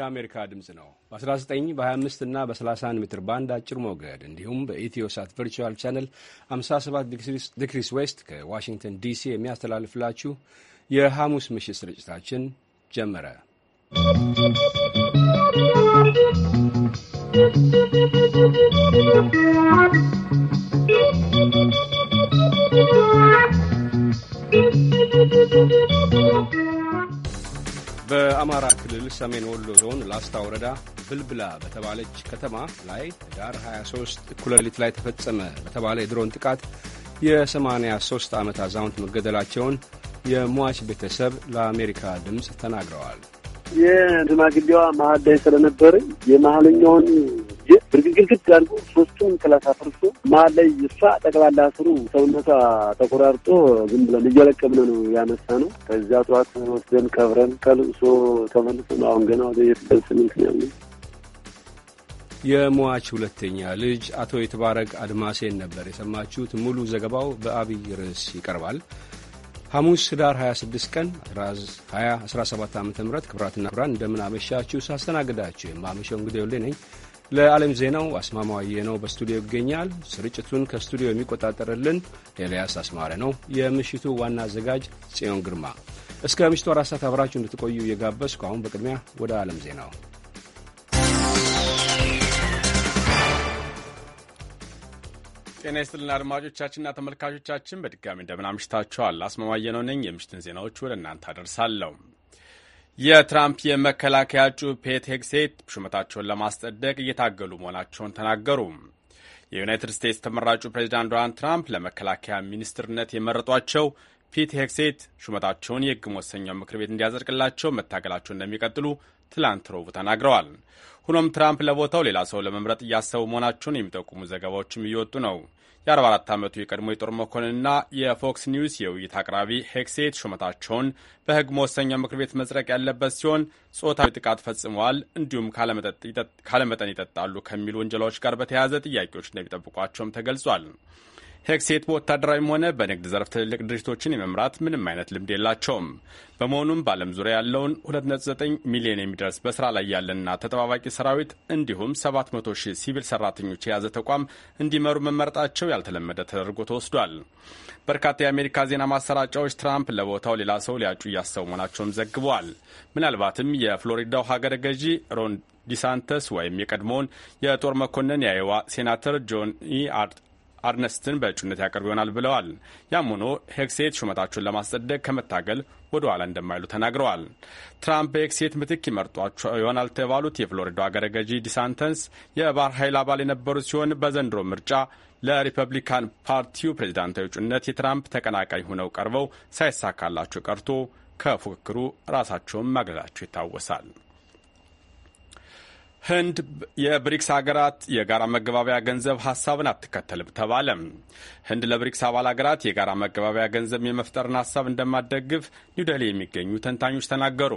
የአሜሪካ ድምፅ ነው። በ19 በ25 እና በ31 ሜትር ባንድ አጭር ሞገድ እንዲሁም በኢትዮሳት ቨርቹዋል ቻነል 57 ዲግሪስ ዌስት ከዋሽንግተን ዲሲ የሚያስተላልፍላችሁ የሐሙስ ምሽት ስርጭታችን ጀመረ። ¶¶ በአማራ ክልል ሰሜን ወሎ ዞን ላስታ ወረዳ ብልብላ በተባለች ከተማ ላይ ዳር 23 እኩለ ሌሊት ላይ ተፈጸመ በተባለ የድሮን ጥቃት የ83 ዓመት አዛውንት መገደላቸውን የሟች ቤተሰብ ለአሜሪካ ድምፅ ተናግረዋል። የሽማግሌዋ መሀል ላይ ስለነበረ የመሀለኛውን ብርግግግት አድርጎ ሶስቱን ክላስ አፍርሶ መሀል ላይ እሷ ጠቅላላ አስሩ ሰውነቷ ተቆራርጦ ዝም ብለን እየለቀምን ነው ያነሳ ነው። ከዚያ ጠዋት ወስደን ቀብረን ከልብሶ ተመልሰን አሁን ገና ወደ የትቀል ስምንት ነው። የሟች ሁለተኛ ልጅ አቶ የተባረግ አድማሴን ነበር የሰማችሁት። ሙሉ ዘገባው በአብይ ርዕስ ይቀርባል። ሐሙስ ህዳር 26 ቀን 2017 ዓ ም ክብራትና ክብራን እንደምን አመሻችሁ። ሳስተናግዳችሁ የማመሸው እንግዲህ ወሌ ነኝ። ለዓለም ዜናው አስማማዋዬ ነው፣ በስቱዲዮ ይገኛል። ስርጭቱን ከስቱዲዮ የሚቆጣጠርልን ኤልያስ አስማረ ነው። የምሽቱ ዋና አዘጋጅ ጽዮን ግርማ። እስከ ምሽቱ አራት ሰዓት አብራችሁ እንድትቆዩ እየጋበዝኩ አሁን በቅድሚያ ወደ ዓለም ዜናው ጤና ይስጥልን አድማጮቻችንና ተመልካቾቻችን በድጋሚ እንደምናምሽታችኋል። አስማማየ ነው ነኝ። የምሽትን ዜናዎች ወደ እናንተ አደርሳለሁ። የትራምፕ የመከላከያ እጩ ፔት ሄግሴት ሹመታቸውን ለማስጸደቅ እየታገሉ መሆናቸውን ተናገሩ። የዩናይትድ ስቴትስ ተመራጩ ፕሬዚዳንት ዶናልድ ትራምፕ ለመከላከያ ሚኒስትርነት የመረጧቸው ፒት ሄግሴት ሹመታቸውን የሕግ መወሰኛው ምክር ቤት እንዲያጸድቅላቸው መታገላቸው እንደሚቀጥሉ ትላንት ሮቡ ተናግረዋል። ሆኖም ትራምፕ ለቦታው ሌላ ሰው ለመምረጥ እያሰቡ መሆናቸውን የሚጠቁሙ ዘገባዎችም እየወጡ ነው። የ44 ዓመቱ የቀድሞ የጦር መኮንንና የፎክስ ኒውስ የውይይት አቅራቢ ሄክሴት ሹመታቸውን በሕግ መወሰኛው ምክር ቤት መጽረቅ ያለበት ሲሆን ጾታዊ ጥቃት ፈጽመዋል፣ እንዲሁም ካለመጠን ይጠጣሉ ከሚሉ ወንጀላዎች ጋር በተያያዘ ጥያቄዎች እንደሚጠብቋቸውም ተገልጿል። ሄክሴት በወታደራዊም ሆነ በንግድ ዘርፍ ትልልቅ ድርጅቶችን የመምራት ምንም አይነት ልምድ የላቸውም። በመሆኑም በዓለም ዙሪያ ያለውን 2.9 ሚሊዮን የሚደርስ በስራ ላይ ያለና ተጠባባቂ ሰራዊት እንዲሁም 700 ሺህ ሲቪል ሰራተኞች የያዘ ተቋም እንዲመሩ መመረጣቸው ያልተለመደ ተደርጎ ተወስዷል። በርካታ የአሜሪካ ዜና ማሰራጫዎች ትራምፕ ለቦታው ሌላ ሰው ሊያጩ እያሰቡ መሆናቸውም ዘግበዋል። ምናልባትም የፍሎሪዳው ሀገረ ገዢ ሮን ዲሳንተስ ወይም የቀድሞውን የጦር መኮንን የአይዋ ሴናተር ጆኒ አርነስትን በእጩነት ያቀርብ ይሆናል ብለዋል። ያም ሆኖ ሄግሴት ሹመታቸውን ለማስጸደቅ ከመታገል ወደ ኋላ እንደማይሉ ተናግረዋል። ትራምፕ በሄግሴት ምትክ ይመርጧቸው ይሆናል የተባሉት የፍሎሪዳው አገረ ገዢ ዲሳንተንስ የባህር ኃይል አባል የነበሩት ሲሆን በዘንድሮ ምርጫ ለሪፐብሊካን ፓርቲው ፕሬዚዳንታዊ እጩነት የትራምፕ ተቀናቃኝ ሆነው ቀርበው ሳይሳካላቸው ቀርቶ ከፉክክሩ ራሳቸውን ማግለላቸው ይታወሳል። ህንድ የብሪክስ ሀገራት የጋራ መገባቢያ ገንዘብ ሀሳብን አትከተልም ተባለ። ህንድ ለብሪክስ አባል ሀገራት የጋራ መገባቢያ ገንዘብ የመፍጠርን ሀሳብ እንደማትደግፍ ኒውደሊ የሚገኙ ተንታኞች ተናገሩ።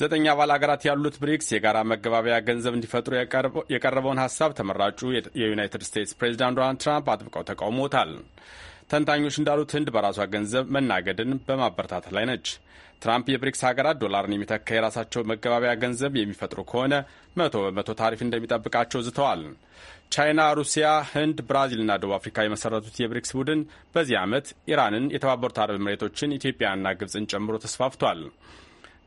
ዘጠኝ አባል ሀገራት ያሉት ብሪክስ የጋራ መገባቢያ ገንዘብ እንዲፈጥሩ የቀረበውን ሀሳብ ተመራጩ የዩናይትድ ስቴትስ ፕሬዚዳንት ዶናልድ ትራምፕ አጥብቀው ተቃውሞታል። ተንታኞች እንዳሉት ህንድ በራሷ ገንዘብ መናገድን በማበረታት ላይ ነች። ትራምፕ የብሪክስ ሀገራት ዶላርን የሚተካ የራሳቸው መገባቢያ ገንዘብ የሚፈጥሩ ከሆነ መቶ በመቶ ታሪፍ እንደሚጠብቃቸው ዝተዋል። ቻይና፣ ሩሲያ፣ ህንድ፣ ብራዚልና ደቡብ አፍሪካ የመሰረቱት የብሪክስ ቡድን በዚህ ዓመት ኢራንን፣ የተባበሩት አረብ ኤምሬቶችን፣ ኢትዮጵያና ግብፅን ጨምሮ ተስፋፍቷል።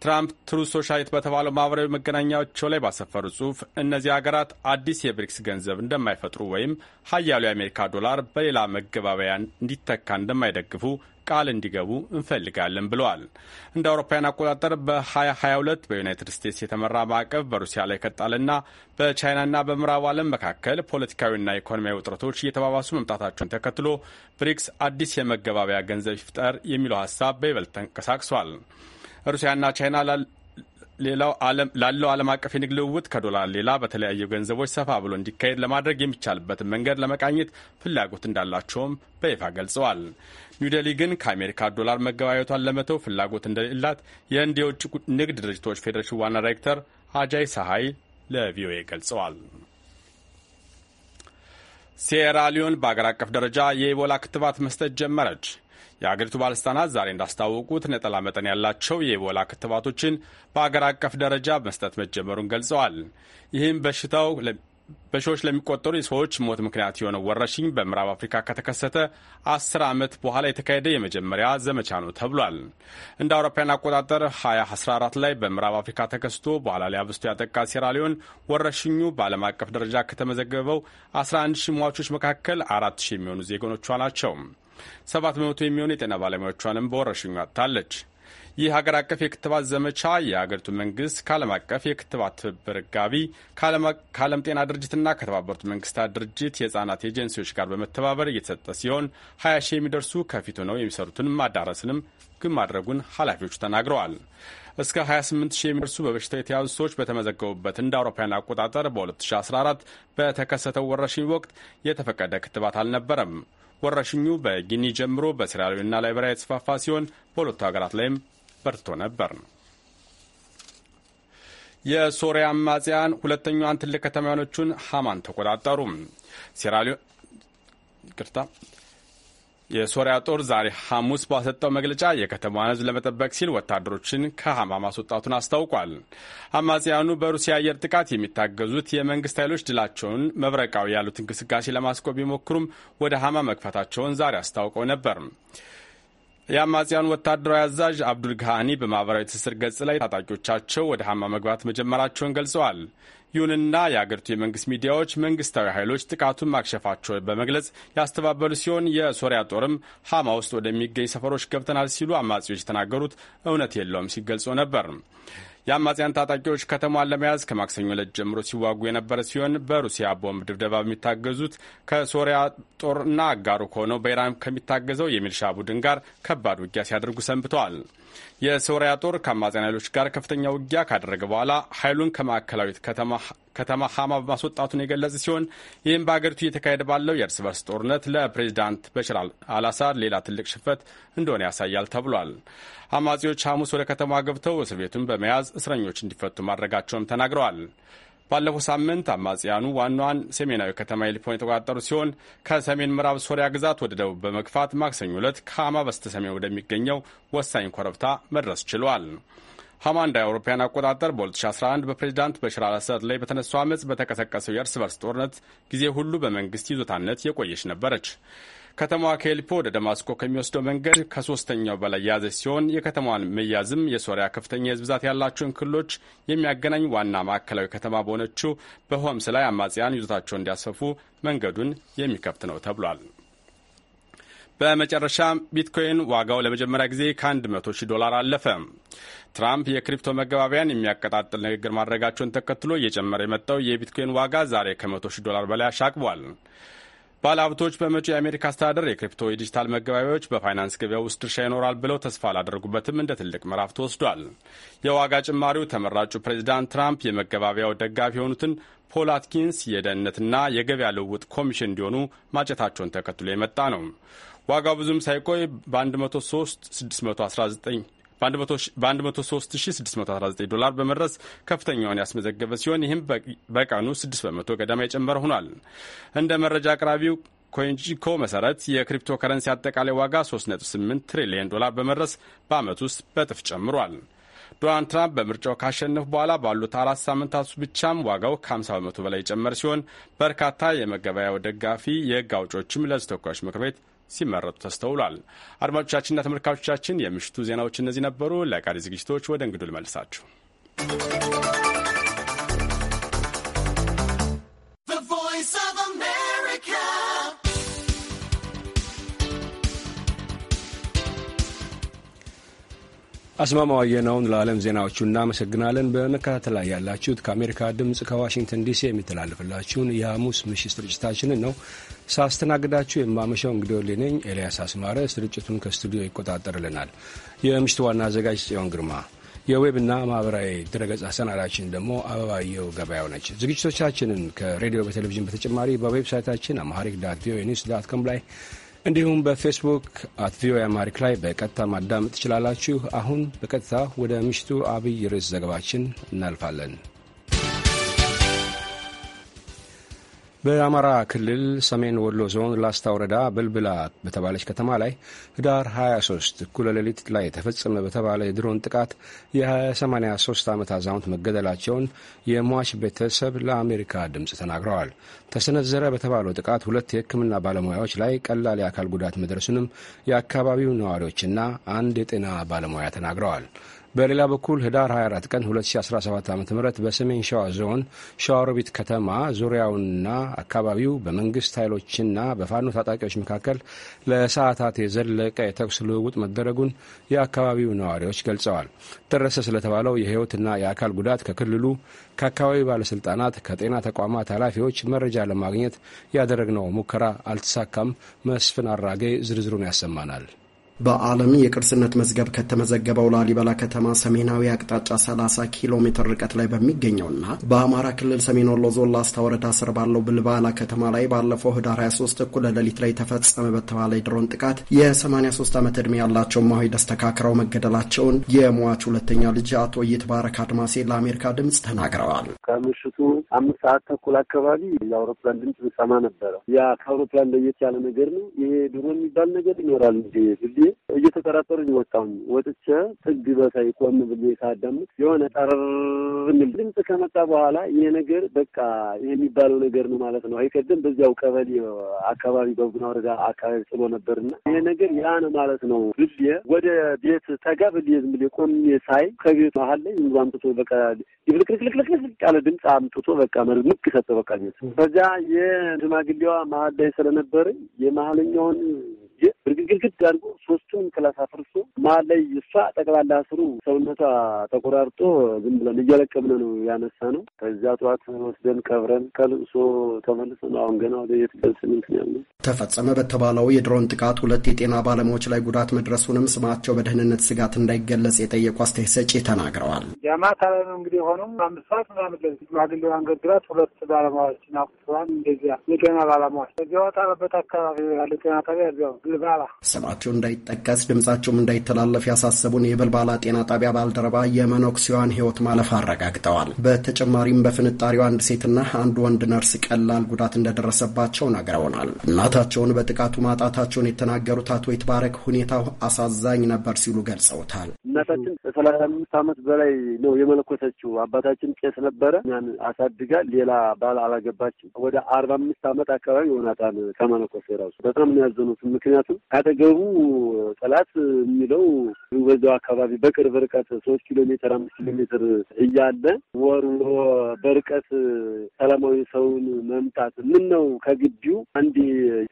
ትራምፕ ትሩ ሶሻሊት በተባለው ማህበራዊ መገናኛዎቸው ላይ ባሰፈሩ ጽሑፍ እነዚህ ሀገራት አዲስ የብሪክስ ገንዘብ እንደማይፈጥሩ ወይም ሀያሉ የአሜሪካ ዶላር በሌላ መገባበያ እንዲተካ እንደማይደግፉ ቃል እንዲገቡ እንፈልጋለን ብለዋል። እንደ አውሮፓውያን አቆጣጠር በ2022 በዩናይትድ ስቴትስ የተመራ ማዕቀብ በሩሲያ ላይ ከጣልና በቻይናና በምዕራብ ዓለም መካከል ፖለቲካዊና ኢኮኖሚያዊ ውጥረቶች እየተባባሱ መምጣታቸውን ተከትሎ ብሪክስ አዲስ የመገባበያ ገንዘብ ይፍጠር የሚለው ሀሳብ በይበልጥ ተንቀሳቅሷል። ሩሲያና ቻይና ሌላው ላለው ዓለም አቀፍ የንግድ ልውውጥ ከዶላር ሌላ በተለያዩ ገንዘቦች ሰፋ ብሎ እንዲካሄድ ለማድረግ የሚቻልበትን መንገድ ለመቃኘት ፍላጎት እንዳላቸውም በይፋ ገልጸዋል። ኒውዴሊ ግን ከአሜሪካ ዶላር መገባየቷን ለመተው ፍላጎት እንደሌላት የህንድ የውጭ ንግድ ድርጅቶች ፌዴሬሽን ዋና ዳይሬክተር አጃይ ሰሀይ ለቪኦኤ ገልጸዋል። ሴራ ሊዮን በአገር አቀፍ ደረጃ የኢቦላ ክትባት መስጠት ጀመረች። የአገሪቱ ባለስልጣናት ዛሬ እንዳስታወቁት ነጠላ መጠን ያላቸው የኢቦላ ክትባቶችን በአገር አቀፍ ደረጃ መስጠት መጀመሩን ገልጸዋል። ይህም በሽታው በሺዎች ለሚቆጠሩ የሰዎች ሞት ምክንያት የሆነው ወረርሽኝ በምዕራብ አፍሪካ ከተከሰተ አስር ዓመት በኋላ የተካሄደ የመጀመሪያ ዘመቻ ነው ተብሏል። እንደ አውሮፓውያን አቆጣጠር 2014 ላይ በምዕራብ አፍሪካ ተከስቶ በኋላ ላይ አብስቶ ያጠቃ ሴራሊዮን ወረርሽኙ በዓለም አቀፍ ደረጃ ከተመዘገበው 11 ሺህ ሟቾች መካከል 4 ሺ የሚሆኑ ዜጎኖቿ ናቸው። ሰባት በመቶ የሚሆኑ የጤና ባለሙያዎቿንም በወረርሽኙ አጥታለች። ይህ ሀገር አቀፍ የክትባት ዘመቻ የሀገሪቱ መንግስት ከዓለም አቀፍ የክትባት ትብብር ጋቢ ከዓለም ጤና ድርጅትና ከተባበሩት መንግስታት ድርጅት የህጻናት ኤጀንሲዎች ጋር በመተባበር እየተሰጠ ሲሆን ሀያ ሺህ የሚደርሱ ከፊቱ ነው የሚሰሩትን ማዳረስንም ግን ማድረጉን ኃላፊዎቹ ተናግረዋል። እስከ 28 ሺህ የሚደርሱ በበሽታ የተያዙ ሰዎች በተመዘገቡበት እንደ አውሮፓውያን አቆጣጠር በ2014 በተከሰተው ወረርሽኝ ወቅት የተፈቀደ ክትባት አልነበረም። ወረርሽኙ በጊኒ ጀምሮ በሴራሊዮንና ላይቤሪያ የተስፋፋ ሲሆን በሁለቱ ሀገራት ላይም በርቶ ነበር። የሶሪያ አማጽያን ሁለተኛዋን ትልቅ ከተማ የሆነችውን ሀማን ተቆጣጠሩ። የሶሪያ ጦር ዛሬ ሐሙስ ባሰጠው መግለጫ የከተማዋን ሕዝብ ለመጠበቅ ሲል ወታደሮችን ከሐማ ማስወጣቱን አስታውቋል። አማጽያኑ በሩሲያ አየር ጥቃት የሚታገዙት የመንግስት ኃይሎች ድላቸውን መብረቃዊ ያሉት እንቅስቃሴ ለማስቆም ቢሞክሩም ወደ ሐማ መግፋታቸውን ዛሬ አስታውቀው ነበር። የአማጽያኑ ወታደራዊ አዛዥ አብዱል ጋሃኒ በማኅበራዊ ትስስር ገጽ ላይ ታጣቂዎቻቸው ወደ ሐማ መግባት መጀመራቸውን ገልጸዋል። ይሁንና የአገሪቱ የመንግስት ሚዲያዎች መንግስታዊ ኃይሎች ጥቃቱን ማክሸፋቸውን በመግለጽ ያስተባበሉ ሲሆን የሶሪያ ጦርም ሀማ ውስጥ ወደሚገኝ ሰፈሮች ገብተናል ሲሉ አማጺዎች የተናገሩት እውነት የለውም ሲገልጾ ነበር። የአማጽያን ታጣቂዎች ከተማዋን ለመያዝ ከማክሰኞ ዕለት ጀምሮ ሲዋጉ የነበረ ሲሆን በሩሲያ ቦምብ ድብደባ በሚታገዙት ከሶሪያ ጦርና አጋሩ ከሆነው በኢራን ከሚታገዘው የሚልሻ ቡድን ጋር ከባድ ውጊያ ሲያደርጉ ሰንብተዋል። የሶሪያ ጦር ከአማጽያን ኃይሎች ጋር ከፍተኛ ውጊያ ካደረገ በኋላ ኃይሉን ከማዕከላዊት ከተማ ሀማ በማስወጣቱን የገለጸ ሲሆን ይህም በሀገሪቱ እየተካሄደ ባለው የእርስ በርስ ጦርነት ለፕሬዚዳንት በሽር አልአሳድ ሌላ ትልቅ ሽንፈት እንደሆነ ያሳያል ተብሏል። አማጺዎች ሐሙስ ወደ ከተማ ገብተው እስር ቤቱን በመያዝ እስረኞች እንዲፈቱ ማድረጋቸውም ተናግረዋል። ባለፈው ሳምንት አማጽያኑ ዋናዋን ሰሜናዊ ከተማ ኢሊፖን የተቆጣጠሩ ሲሆን ከሰሜን ምዕራብ ሶሪያ ግዛት ወደ ደቡብ በመግፋት ማክሰኞ ዕለት ከሀማ በስተ ሰሜን ወደሚገኘው ወሳኝ ኮረብታ መድረስ ችሏል። ሀማ እንደ አውሮፓውያን አቆጣጠር በ2011 በፕሬዚዳንት በሽር አልአሳድ ላይ በተነሳው ዓመፅ በተቀሰቀሰው የእርስ በርስ ጦርነት ጊዜ ሁሉ በመንግስት ይዞታነት የቆየች ነበረች። ከተማዋ ከኤልፖ ወደ ደማስቆ ከሚወስደው መንገድ ከሶስተኛው በላይ የያዘች ሲሆን የከተማዋን መያዝም የሶሪያ ከፍተኛ የህዝብ ብዛት ያላቸውን ክልሎች የሚያገናኝ ዋና ማዕከላዊ ከተማ በሆነችው በሆምስ ላይ አማጽያን ይዞታቸውን እንዲያሰፉ መንገዱን የሚከፍት ነው ተብሏል። በመጨረሻ ቢትኮይን ዋጋው ለመጀመሪያ ጊዜ ከ100 ሺህ ዶላር አለፈ። ትራምፕ የክሪፕቶ መገባቢያን የሚያቀጣጥል ንግግር ማድረጋቸውን ተከትሎ እየጨመረ የመጣው የቢትኮይን ዋጋ ዛሬ ከ100 ሺህ ዶላር በላይ አሻቅቧል። ባለሀብቶች በመጪው የአሜሪካ አስተዳደር የክሪፕቶ የዲጂታል መገበያያዎች በፋይናንስ ገበያ ውስጥ ድርሻ ይኖራል ብለው ተስፋ አላደረጉበትም እንደ ትልቅ ምዕራፍ ተወስዷል። የዋጋ ጭማሪው ተመራጩ ፕሬዚዳንት ትራምፕ የመገባቢያው ደጋፊ የሆኑትን ፖል አትኪንስ የደህንነትና የገበያ ልውውጥ ኮሚሽን እንዲሆኑ ማጨታቸውን ተከትሎ የመጣ ነው። ዋጋው ብዙም ሳይቆይ በ13619 በ103619 ዶላር በመድረስ ከፍተኛውን ያስመዘገበ ሲሆን ይህም በቀኑ 6 በመቶ ገደማ የጨመረ ሆኗል። እንደ መረጃ አቅራቢው ኮንጂኮ መሰረት የክሪፕቶ ከረንሲ አጠቃላይ ዋጋ 38 ትሪሊየን ዶላር በመድረስ በአመት ውስጥ በጥፍ ጨምሯል። ዶናልድ ትራምፕ በምርጫው ካሸነፉ በኋላ ባሉት አራት ሳምንታት ብቻም ዋጋው ከ50 በመቶ በላይ የጨመረ ሲሆን በርካታ የመገበያው ደጋፊ የህግ አውጮችም ለተወካዮች ምክር ቤት ሲመረጡ ተስተውሏል። አድማጮቻችንና ተመልካቾቻችን የምሽቱ ዜናዎች እነዚህ ነበሩ። ለቀሪ ዝግጅቶች ወደ እንግዱ ልመልሳችሁ። አስማማው አየነውን ለዓለም ዜናዎቹ እናመሰግናለን። በመከታተል ላይ ያላችሁት ከአሜሪካ ድምፅ ከዋሽንግተን ዲሲ የሚተላለፍላችሁን የሐሙስ ምሽት ስርጭታችንን ነው። ሳስተናግዳችሁ የማመሻው እንግዲህ ነኝ። ኤልያስ አስማረ ስርጭቱን ከስቱዲዮ ይቆጣጠርልናል። የምሽቱ ዋና አዘጋጅ ጽዮን ግርማ፣ የዌብና ማህበራዊ ድረገጽ አሰናዳችን ደግሞ አበባየው ገበያው ነች። ዝግጅቶቻችንን ከሬዲዮ በቴሌቪዥን በተጨማሪ በዌብሳይታችን አማሪክ ዳት ቪኦኤ ኒውስ ዳት ኮም ላይ እንዲሁም በፌስቡክ አት ቪኦኤ አማሪክ ላይ በቀጥታ ማዳመጥ ትችላላችሁ። አሁን በቀጥታ ወደ ምሽቱ አብይ ርዕስ ዘገባችን እናልፋለን። በአማራ ክልል ሰሜን ወሎ ዞን ላስታ ወረዳ ብልብላ በተባለች ከተማ ላይ ህዳር 23 እኩለ ሌሊት ላይ ተፈጸመ በተባለ የድሮን ጥቃት የ83 ዓመት አዛውንት መገደላቸውን የሟች ቤተሰብ ለአሜሪካ ድምፅ ተናግረዋል። ተሰነዘረ በተባለው ጥቃት ሁለት የሕክምና ባለሙያዎች ላይ ቀላል የአካል ጉዳት መድረሱንም የአካባቢው ነዋሪዎችና አንድ የጤና ባለሙያ ተናግረዋል። በሌላ በኩል ህዳር 24 ቀን 2017 ዓ ም በሰሜን ሸዋ ዞን ሸዋሮቢት ከተማ ዙሪያውንና አካባቢው በመንግስት ኃይሎችና በፋኖ ታጣቂዎች መካከል ለሰዓታት የዘለቀ የተኩስ ልውውጥ መደረጉን የአካባቢው ነዋሪዎች ገልጸዋል። ደረሰ ስለተባለው የህይወትና የአካል ጉዳት ከክልሉ ከአካባቢው ባለስልጣናት፣ ከጤና ተቋማት ኃላፊዎች መረጃ ለማግኘት ያደረግነው ሙከራ አልተሳካም። መስፍን አራጌ ዝርዝሩን ያሰማናል። በዓለም የቅርስነት መዝገብ ከተመዘገበው ላሊበላ ከተማ ሰሜናዊ አቅጣጫ 30 ኪሎ ሜትር ርቀት ላይ በሚገኘውና በአማራ ክልል ሰሜን ወሎ ዞን ላስታ ወረዳ ስር ባለው ብልባላ ከተማ ላይ ባለፈው ህዳር 23 እኩለ ሌሊት ላይ ተፈጸመ በተባለ የድሮን ጥቃት የ83 ዓመት ዕድሜ ያላቸው ማሆይ ደስተካክረው መገደላቸውን የሟች ሁለተኛ ልጅ አቶ ይትባረክ አድማሴ ለአሜሪካ ድምፅ ተናግረዋል። ከምሽቱ አምስት ሰዓት ተኩል አካባቢ የአውሮፕላን ድምፅ ብሰማ ነበረ። ያ ከአውሮፕላን ለየት ያለ ነገር ነው። ይሄ ድሮን የሚባል ነገር ይኖራል እንጂ እየተጠራጠሩ ወጣሁኝ። ወጥቼ ጥግ በታይ ቆም ብዬ ሳዳምጥ የሆነ ጠር የሚል ድምፅ ከመጣ በኋላ ይሄ ነገር በቃ የሚባለው ነገር ነው ማለት ነው። አይከደም በዚያው ቀበሌ አካባቢ በቡና ወረዳ አካባቢ ጥሎ ነበርና ይሄ ነገር ያ ነው ማለት ነው ብዬ ወደ ቤት ተጋ ብዬ ዝም ብዬ ቆሜ ሳይ ከቤት መሀል ላይ ዝም ብሎ አምጥቶ በቃ ይብልክልክልክልክልክ ያለ ድምፅ አምጥቶ በቃ ምክ ሰጠ በቃ ቤት በዚያ የሽማግሌዋ መሀል ላይ ስለነበር የመሀለኛውን ብርግግርግድ አድርጎ ሶስቱን ክላስ አፍርሶ መሀል ላይ እሷ ጠቅላላ አስሩ ሰውነቷ ተቆራርጦ ዝም ብለን እየለቀምን ነው ያነሳ ነው። ከዚያ ጠዋት ወስደን ቀብረን ከልቅሶ ተመልሰን አሁን ገና ወደ የትቀል ስምንት ያለ ተፈጸመ በተባለው የድሮን ጥቃት ሁለት የጤና ባለሙያዎች ላይ ጉዳት መድረሱንም ስማቸው በደህንነት ስጋት እንዳይገለጽ የጠየቁ አስተያየት ሰጪ ተናግረዋል። ያማ ታላይ ነው እንግዲህ የሆነው አምስት ሰዓት ምናምን ለዚ ማግሌ አንገድራት ሁለት ባለሙያዎችን አቁስለዋል። እንደዚያ የጤና ባለሙያዎች እዚያ ወጣለበት አካባቢ ያለ ጤና ጣቢያ እዚያው ግልባ በልባላ ስማቸው እንዳይጠቀስ ድምጻቸውም እንዳይተላለፍ ያሳሰቡን የበልባላ ጤና ጣቢያ ባልደረባ የመኖክሲዋን ህይወት ማለፍ አረጋግጠዋል። በተጨማሪም በፍንጣሪው አንድ ሴትና አንድ ወንድ ነርስ ቀላል ጉዳት እንደደረሰባቸው ነግረውናል። እናታቸውን በጥቃቱ ማጣታቸውን የተናገሩት አቶ ይትባረክ ሁኔታው አሳዛኝ ነበር ሲሉ ገልጸውታል። እናታችን ከሰላሳ አምስት ዓመት በላይ ነው የመለኮሰችው። አባታችን ቄስ ነበረ። እኛን አሳድጋ ሌላ ባል አላገባችም። ወደ አርባ አምስት ዓመት አካባቢ ይሆናታል ከመለኮሴ ራሱ በጣም ነው ያዘኑት። ምክንያቱም ካጠገቡ ጠላት የሚለው በዛው አካባቢ በቅርብ ርቀት ሶስት ኪሎ ሜትር አምስት ኪሎ ሜትር እያለ ወርውሮ በርቀት ሰላማዊ ሰውን መምታት ምን ነው ከግቢው አንድ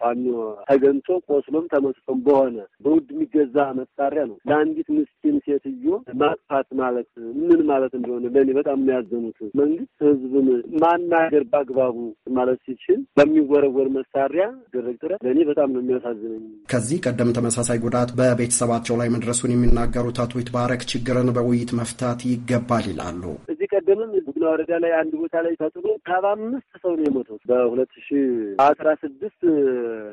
ፋኖ ተገንቶ ቆስሎም ተመስጦም በሆነ በውድ የሚገዛ መሳሪያ ነው ለአንዲት ምስኪን ሴትዮ ማጥፋት ማለት ምን ማለት እንደሆነ ለእኔ በጣም የሚያዘኑት መንግስት ህዝብን ማናገር በአግባቡ ማለት ሲችል በሚወረወር መሳሪያ ደረግ ጥረት ለእኔ በጣም ነው የሚያሳዝነኝ። ከዚህ ቀደም ተመሳሳይ ጉዳት በቤተሰባቸው ላይ መድረሱን የሚናገሩት አቶ ይትባረክ ችግርን በውይይት መፍታት ይገባል ይላሉ። ቀደምም ቡግና ወረዳ ላይ አንድ ቦታ ላይ ተጥሎ ከአባ አምስት ሰው ነው የሞተው በሁለት ሺ አስራ ስድስት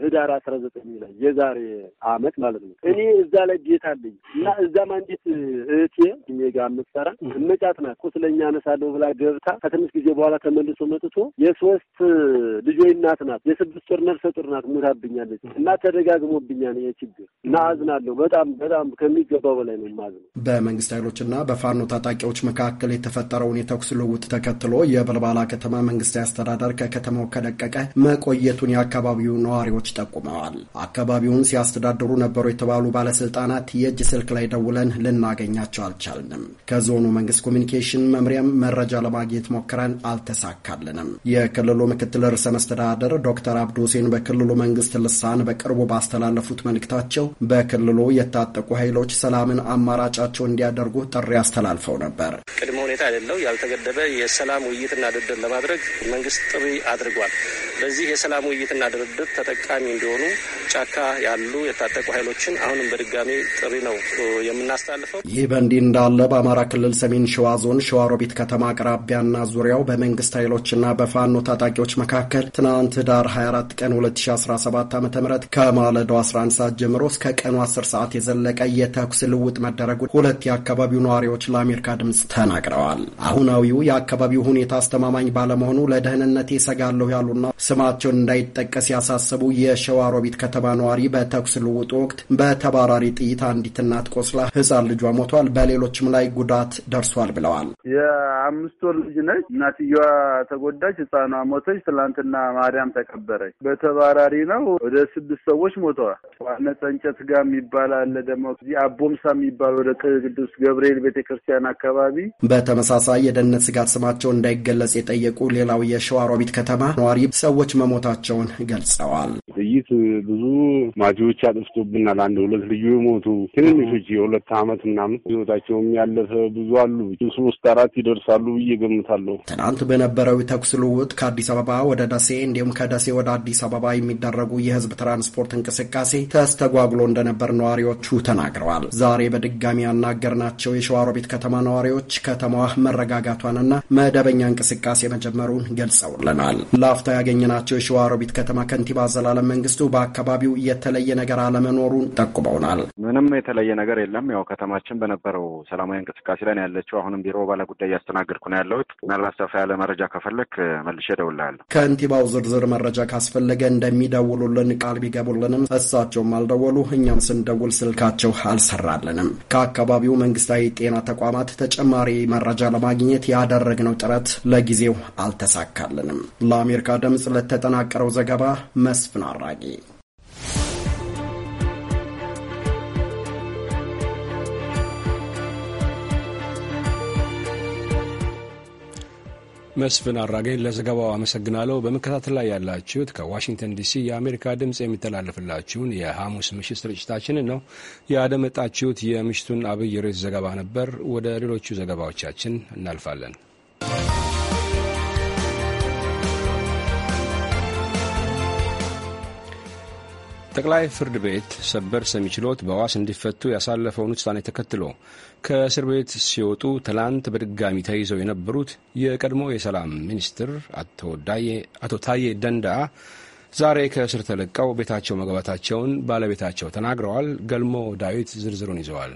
ህዳር አስራ ዘጠኝ ላይ የዛሬ አመት ማለት ነው። እኔ እዛ ላይ ቤት አለኝ እና እዛም አንዲት እህቴ ሜጋ ጋር የምትሰራ እመጫት ናት። ቁስለኛ አነሳለሁ ብላ ገብታ ከትንሽ ጊዜ በኋላ ተመልሶ መጥቶ የሶስት ልጆች እናት ናት። የስድስት ወር ነፍሰ ጡር ናት። ሞታብኛለች እና ተደጋግሞብኛል ይሄ ችግር እና አዝናለሁ። በጣም በጣም ከሚገባው በላይ ነው የማዝነው። በመንግስት ኃይሎችና በፋኖ ታጣቂዎች መካከል የተፈጠረው የነበረውን የተኩስ ልውውጥ ተከትሎ የበልባላ ከተማ መንግስታዊ አስተዳደር ከከተማው ከለቀቀ መቆየቱን የአካባቢው ነዋሪዎች ጠቁመዋል። አካባቢውን ሲያስተዳድሩ ነበሩ የተባሉ ባለስልጣናት የእጅ ስልክ ላይ ደውለን ልናገኛቸው አልቻልንም። ከዞኑ መንግስት ኮሚኒኬሽን መምሪያም መረጃ ለማግኘት ሞክረን አልተሳካልንም። የክልሉ ምክትል ርዕሰ መስተዳደር ዶክተር አብዱ ሁሴን በክልሉ መንግስት ልሳን በቅርቡ ባስተላለፉት መልእክታቸው በክልሉ የታጠቁ ኃይሎች ሰላምን አማራጫቸው እንዲያደርጉ ጥሪ አስተላልፈው ነበር። ቅድመ ሁኔታ አይደለው ያልተገደበ የሰላም ውይይትና ድርድር ለማድረግ መንግስት ጥሪ አድርጓል። በዚህ የሰላም ውይይትና ድርድር ተጠቃሚ እንዲሆኑ ጫካ ያሉ የታጠቁ ኃይሎችን አሁንም በድጋሚ ጥሪ ነው የምናስተላልፈው። ይህ በእንዲህ እንዳለ በአማራ ክልል ሰሜን ሸዋ ዞን ሸዋሮቢት ከተማ አቅራቢያና ዙሪያው በመንግስት ኃይሎችና በፋኖ ታጣቂዎች መካከል ትናንት ዳር 24 ቀን 2017 ዓ ም ከማለዳው 11 ሰዓት ጀምሮ እስከ ቀኑ 10 ሰዓት የዘለቀ የተኩስ ልውጥ መደረጉ ሁለት የአካባቢው ነዋሪዎች ለአሜሪካ ድምፅ ተናግረዋል። አሁናዊው የአካባቢው ሁኔታ አስተማማኝ ባለመሆኑ ለደህንነቴ ሰጋለሁ ያሉና ስማቸውን እንዳይጠቀስ ያሳሰቡ የሸዋ ሮቢት ከተማ ነዋሪ በተኩስ ልውጡ ወቅት በተባራሪ ጥይት አንዲት እናት ቆስላ ህፃን ልጇ ሞቷል፣ በሌሎችም ላይ ጉዳት ደርሷል ብለዋል። የአምስት ወር ልጅ ነች። እናትየዋ ተጎዳች፣ ህፃኗ ሞተች። ትላንትና ማርያም ተቀበረች። በተባራሪ ነው። ወደ ስድስት ሰዎች ሞተዋል። ዋነጸ እንጨት ጋር የሚባል አለ ደግሞ አቦምሳ የሚባል ወደ ቅዱስ ገብርኤል ቤተክርስቲያን አካባቢ በተመሳሳይ የደህንነት ስጋት ስማቸው እንዳይገለጽ የጠየቁ ሌላው የሸዋሮቢት ከተማ ነዋሪ ሰዎች መሞታቸውን ገልጸዋል። ጥይት ብዙ ማጂዎች አጥፍቶብናል። አንድ ሁለት ልዩ የሞቱ ትንንሾች የሁለት አመት ምናምን ህይወታቸውም ያለፈ ብዙ አሉ። ሶስት አራት ይደርሳሉ ብዬ እገምታለሁ። ትናንት በነበረው ተኩስ ልውውጥ ከአዲስ አበባ ወደ ደሴ እንዲሁም ከደሴ ወደ አዲስ አበባ የሚደረጉ የህዝብ ትራንስፖርት እንቅስቃሴ ተስተጓጉሎ እንደነበር ነዋሪዎቹ ተናግረዋል። ዛሬ በድጋሚ ያናገርናቸው የሸዋሮቢት ከተማ ነዋሪዎች ከተማዋ መራ መረጋጋቷንና መደበኛ እንቅስቃሴ መጀመሩን ገልጸውልናል። ላፍታ ያገኘናቸው የሸዋሮቢት ከተማ ከንቲባ ዘላለም መንግስቱ በአካባቢው የተለየ ነገር አለመኖሩን ጠቁመውናል። ምንም የተለየ ነገር የለም። ያው ከተማችን በነበረው ሰላማዊ እንቅስቃሴ ላይ ያለችው። አሁንም ቢሮ ባለ እያስተናገድኩ ነው ያለሁት። ምናልባት ሰፋ ያለ መረጃ ከፈለግ መልሼ እደውልልሃለሁ። ከንቲባው ዝርዝር መረጃ ካስፈለገ እንደሚደውሉልን ቃል ቢገቡልንም እሳቸውም አልደወሉ፣ እኛም ስንደውል ስልካቸው አልሰራልንም። ከአካባቢው መንግስታዊ ጤና ተቋማት ተጨማሪ መረጃ ለማ ለማግኘት ያደረግነው ጥረት ለጊዜው አልተሳካልንም። ለአሜሪካ ድምፅ ለተጠናቀረው ዘገባ መስፍን አራጌ መስፍን አራገኝ ለዘገባው አመሰግናለሁ። በመከታተል ላይ ያላችሁት ከዋሽንግተን ዲሲ የአሜሪካ ድምፅ የሚተላለፍላችሁን የሐሙስ ምሽት ስርጭታችንን ነው ያደመጣችሁት። የምሽቱን አብይ ርዕስ ዘገባ ነበር። ወደ ሌሎቹ ዘገባዎቻችን እናልፋለን። ጠቅላይ ፍርድ ቤት ሰበር ሰሚ ችሎት በዋስ እንዲፈቱ ያሳለፈውን ውሳኔ ተከትሎ ከእስር ቤት ሲወጡ ትላንት በድጋሚ ተይዘው የነበሩት የቀድሞ የሰላም ሚኒስትር አቶ ታዬ ደንዳ ዛሬ ከእስር ተለቀው ቤታቸው መግባታቸውን ባለቤታቸው ተናግረዋል። ገልሞ ዳዊት ዝርዝሩን ይዘዋል።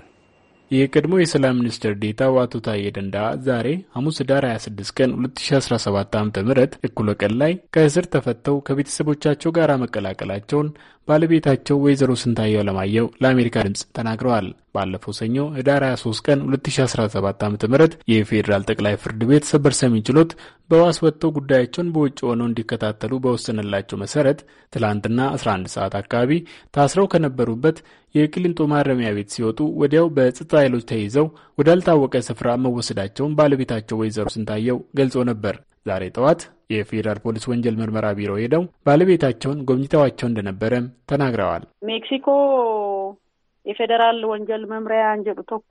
የቀድሞ የሰላም ሚኒስትር ዴታው አቶ ታዬ ደንዳ ዛሬ ሐሙስ ዳር 26 ቀን 2017 ዓ ም እኩለ ቀን ላይ ከእስር ተፈተው ከቤተሰቦቻቸው ጋር መቀላቀላቸውን ባለቤታቸው ወይዘሮ ስንታየው አለማየሁ ለአሜሪካ ድምፅ ተናግረዋል። ባለፈው ሰኞ ህዳር 23 ቀን 2017 ዓ ም የፌዴራል ጠቅላይ ፍርድ ቤት ሰበር ሰሚ ችሎት በዋስ ወጥተው ጉዳያቸውን በውጭ ሆነው እንዲከታተሉ በወሰነላቸው መሰረት ትላንትና 11 ሰዓት አካባቢ ታስረው ከነበሩበት የቅሊንጦ ማረሚያ ቤት ሲወጡ ወዲያው በጸጥታ ኃይሎች ተይዘው ወዳልታወቀ ስፍራ መወሰዳቸውን ባለቤታቸው ወይዘሮ ስንታየው ገልጾ ነበር። ዛሬ ጠዋት የፌዴራል ፖሊስ ወንጀል ምርመራ ቢሮ ሄደው ባለቤታቸውን ጎብኝተዋቸው እንደነበረም ተናግረዋል። ሜክሲኮ የፌዴራል ወንጀል መምሪያ አንጀብ ቶክ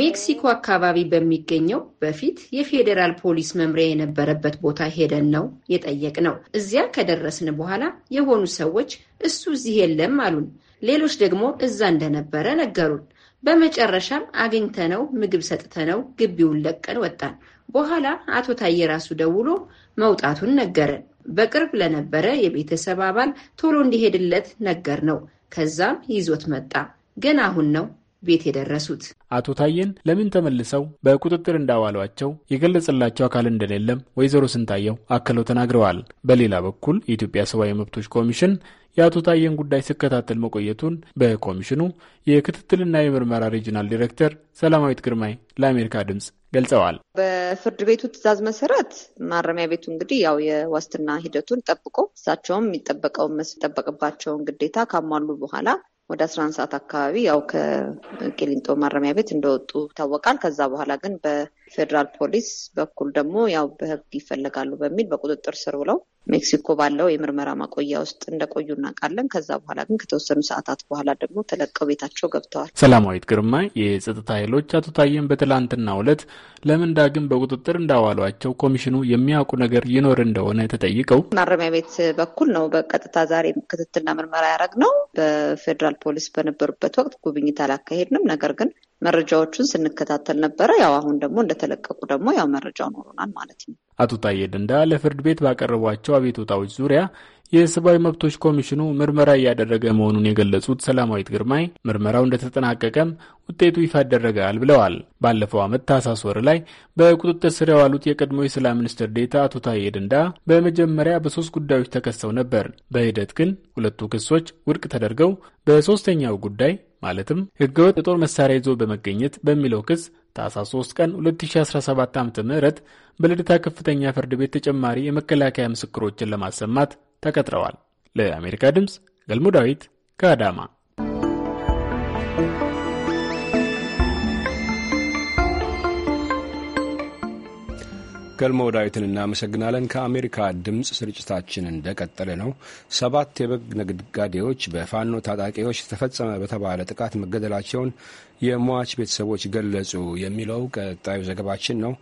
ሜክሲኮ አካባቢ በሚገኘው በፊት የፌዴራል ፖሊስ መምሪያ የነበረበት ቦታ ሄደን ነው የጠየቅ ነው። እዚያ ከደረስን በኋላ የሆኑ ሰዎች እሱ እዚህ የለም አሉን። ሌሎች ደግሞ እዛ እንደነበረ ነገሩን። በመጨረሻም አግኝተነው ምግብ ሰጥተነው ግቢውን ለቀን ወጣን። በኋላ አቶ ታዬ ራሱ ደውሎ መውጣቱን ነገረን። በቅርብ ለነበረ የቤተሰብ አባል ቶሎ እንዲሄድለት ነገር ነው። ከዛም ይዞት መጣ። ገና አሁን ነው ቤት የደረሱት። አቶ ታዬን ለምን ተመልሰው በቁጥጥር እንዳዋሏቸው የገለጸላቸው አካል እንደሌለም ወይዘሮ ስንታየው አክለው ተናግረዋል። በሌላ በኩል የኢትዮጵያ ሰብአዊ መብቶች ኮሚሽን የአቶ ታዬን ጉዳይ ሲከታተል መቆየቱን በኮሚሽኑ የክትትልና የምርመራ ሪጂናል ዲሬክተር ሰላማዊት ግርማይ ለአሜሪካ ድምፅ ገልጸዋል። በፍርድ ቤቱ ትዕዛዝ መሰረት ማረሚያ ቤቱ እንግዲህ ያው የዋስትና ሂደቱን ጠብቆ እሳቸውም የሚጠበቀውን መስጠበቅባቸውን ግዴታ ካሟሉ በኋላ ወደ አስራ አንድ ሰዓት አካባቢ ያው ከቂሊንጦ ማረሚያ ቤት እንደወጡ ይታወቃል። ከዛ በኋላ ግን ፌዴራል ፖሊስ በኩል ደግሞ ያው በህግ ይፈለጋሉ በሚል በቁጥጥር ስር ውለው ሜክሲኮ ባለው የምርመራ ማቆያ ውስጥ እንደቆዩ እናውቃለን። ከዛ በኋላ ግን ከተወሰኑ ሰዓታት በኋላ ደግሞ ተለቀው ቤታቸው ገብተዋል። ሰላማዊት ግርማ የጸጥታ ኃይሎች አቶ ታዬን በትላንትናው ዕለት ለምን ዳግም በቁጥጥር እንዳዋሏቸው ኮሚሽኑ የሚያውቁ ነገር ይኖር እንደሆነ ተጠይቀው ማረሚያ ቤት በኩል ነው በቀጥታ ዛሬ ክትትልና ምርመራ ያደረግ ነው። በፌዴራል ፖሊስ በነበሩበት ወቅት ጉብኝት አላካሄድንም። ነገር ግን መረጃዎቹን ስንከታተል ነበረ። ያው አሁን ደግሞ እንደተለቀቁ ደግሞ ያው መረጃው ኖሮናል ማለት ነው። አቶ ታዬ ደንዳ ለፍርድ ቤት ባቀረቧቸው አቤቱታዎች ዙሪያ የሰብአዊ መብቶች ኮሚሽኑ ምርመራ እያደረገ መሆኑን የገለጹት ሰላማዊት ግርማይ ምርመራው እንደተጠናቀቀም ውጤቱ ይፋ ይደረጋል ብለዋል። ባለፈው ዓመት ታህሳስ ወር ላይ በቁጥጥር ስር የዋሉት የቀድሞ የሰላም ሚኒስትር ዴታ አቶ ታዬ ደንዳ በመጀመሪያ በሶስት ጉዳዮች ተከሰው ነበር። በሂደት ግን ሁለቱ ክሶች ውድቅ ተደርገው በሶስተኛው ጉዳይ ማለትም ህገወጥ የጦር መሳሪያ ይዞ በመገኘት በሚለው ክስ ታህሳስ 3 ቀን 2017 ዓ ም በልደታ ከፍተኛ ፍርድ ቤት ተጨማሪ የመከላከያ ምስክሮችን ለማሰማት ተቀጥረዋል። ለአሜሪካ ድምፅ ገልሞ ዳዊት ከአዳማ። ገልሞ ዳዊትን እናመሰግናለን። ከአሜሪካ ድምፅ ስርጭታችን እንደቀጠለ ነው። ሰባት የበግ ነጋዴዎች በፋኖ ታጣቂዎች ተፈጸመ በተባለ ጥቃት መገደላቸውን የሟች ቤተሰቦች ገለጹ የሚለው ቀጣዩ ዘገባችን ነው።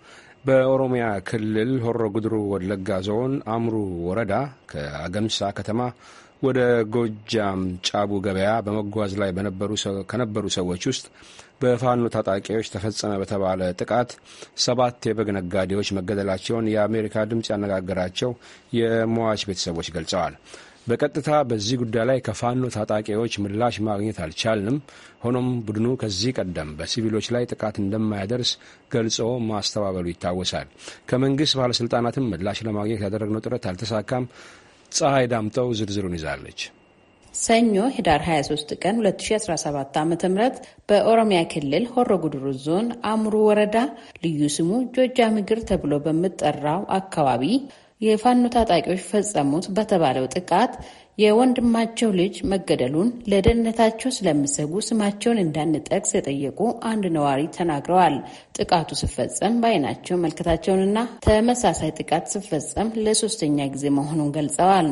በኦሮሚያ ክልል ሆሮ ጉድሩ ወለጋ ዞን አምሩ ወረዳ ከአገምሳ ከተማ ወደ ጎጃም ጫቡ ገበያ በመጓዝ ላይ ከነበሩ ሰዎች ውስጥ በፋኖ ታጣቂዎች ተፈጸመ በተባለ ጥቃት ሰባት የበግ ነጋዴዎች መገደላቸውን የአሜሪካ ድምፅ ያነጋገራቸው የሟች ቤተሰቦች ገልጸዋል። በቀጥታ በዚህ ጉዳይ ላይ ከፋኖ ታጣቂዎች ምላሽ ማግኘት አልቻልንም። ሆኖም ቡድኑ ከዚህ ቀደም በሲቪሎች ላይ ጥቃት እንደማያደርስ ገልጾ ማስተባበሉ ይታወሳል። ከመንግስት ባለስልጣናትም ምላሽ ለማግኘት ያደረግነው ጥረት አልተሳካም። ፀሐይ ዳምጠው ዝርዝሩን ይዛለች። ሰኞ ህዳር 23 ቀን 2017 ዓ ም በኦሮሚያ ክልል ሆሮ ጉድሩ ዞን አሙሩ ወረዳ ልዩ ስሙ ጆጃ ምግር ተብሎ በምጠራው አካባቢ የፋኖ ታጣቂዎች ፈጸሙት በተባለው ጥቃት የወንድማቸው ልጅ መገደሉን ለደህንነታቸው ስለሚሰጉ ስማቸውን እንዳንጠቅስ የጠየቁ አንድ ነዋሪ ተናግረዋል። ጥቃቱ ሲፈጸም በዓይናቸው መልከታቸውንና ተመሳሳይ ጥቃት ሲፈጸም ለሶስተኛ ጊዜ መሆኑን ገልጸዋል።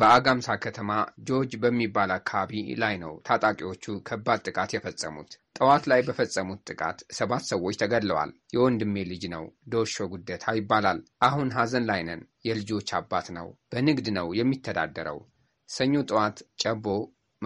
በአጋምሳ ከተማ ጆርጅ በሚባል አካባቢ ላይ ነው ታጣቂዎቹ ከባድ ጥቃት የፈጸሙት። ጠዋት ላይ በፈጸሙት ጥቃት ሰባት ሰዎች ተገድለዋል። የወንድሜ ልጅ ነው፣ ዶሾ ጉደታ ይባላል። አሁን ሐዘን ላይ ነን። የልጆች አባት ነው። በንግድ ነው የሚተዳደረው። ሰኞ ጠዋት ጨቦ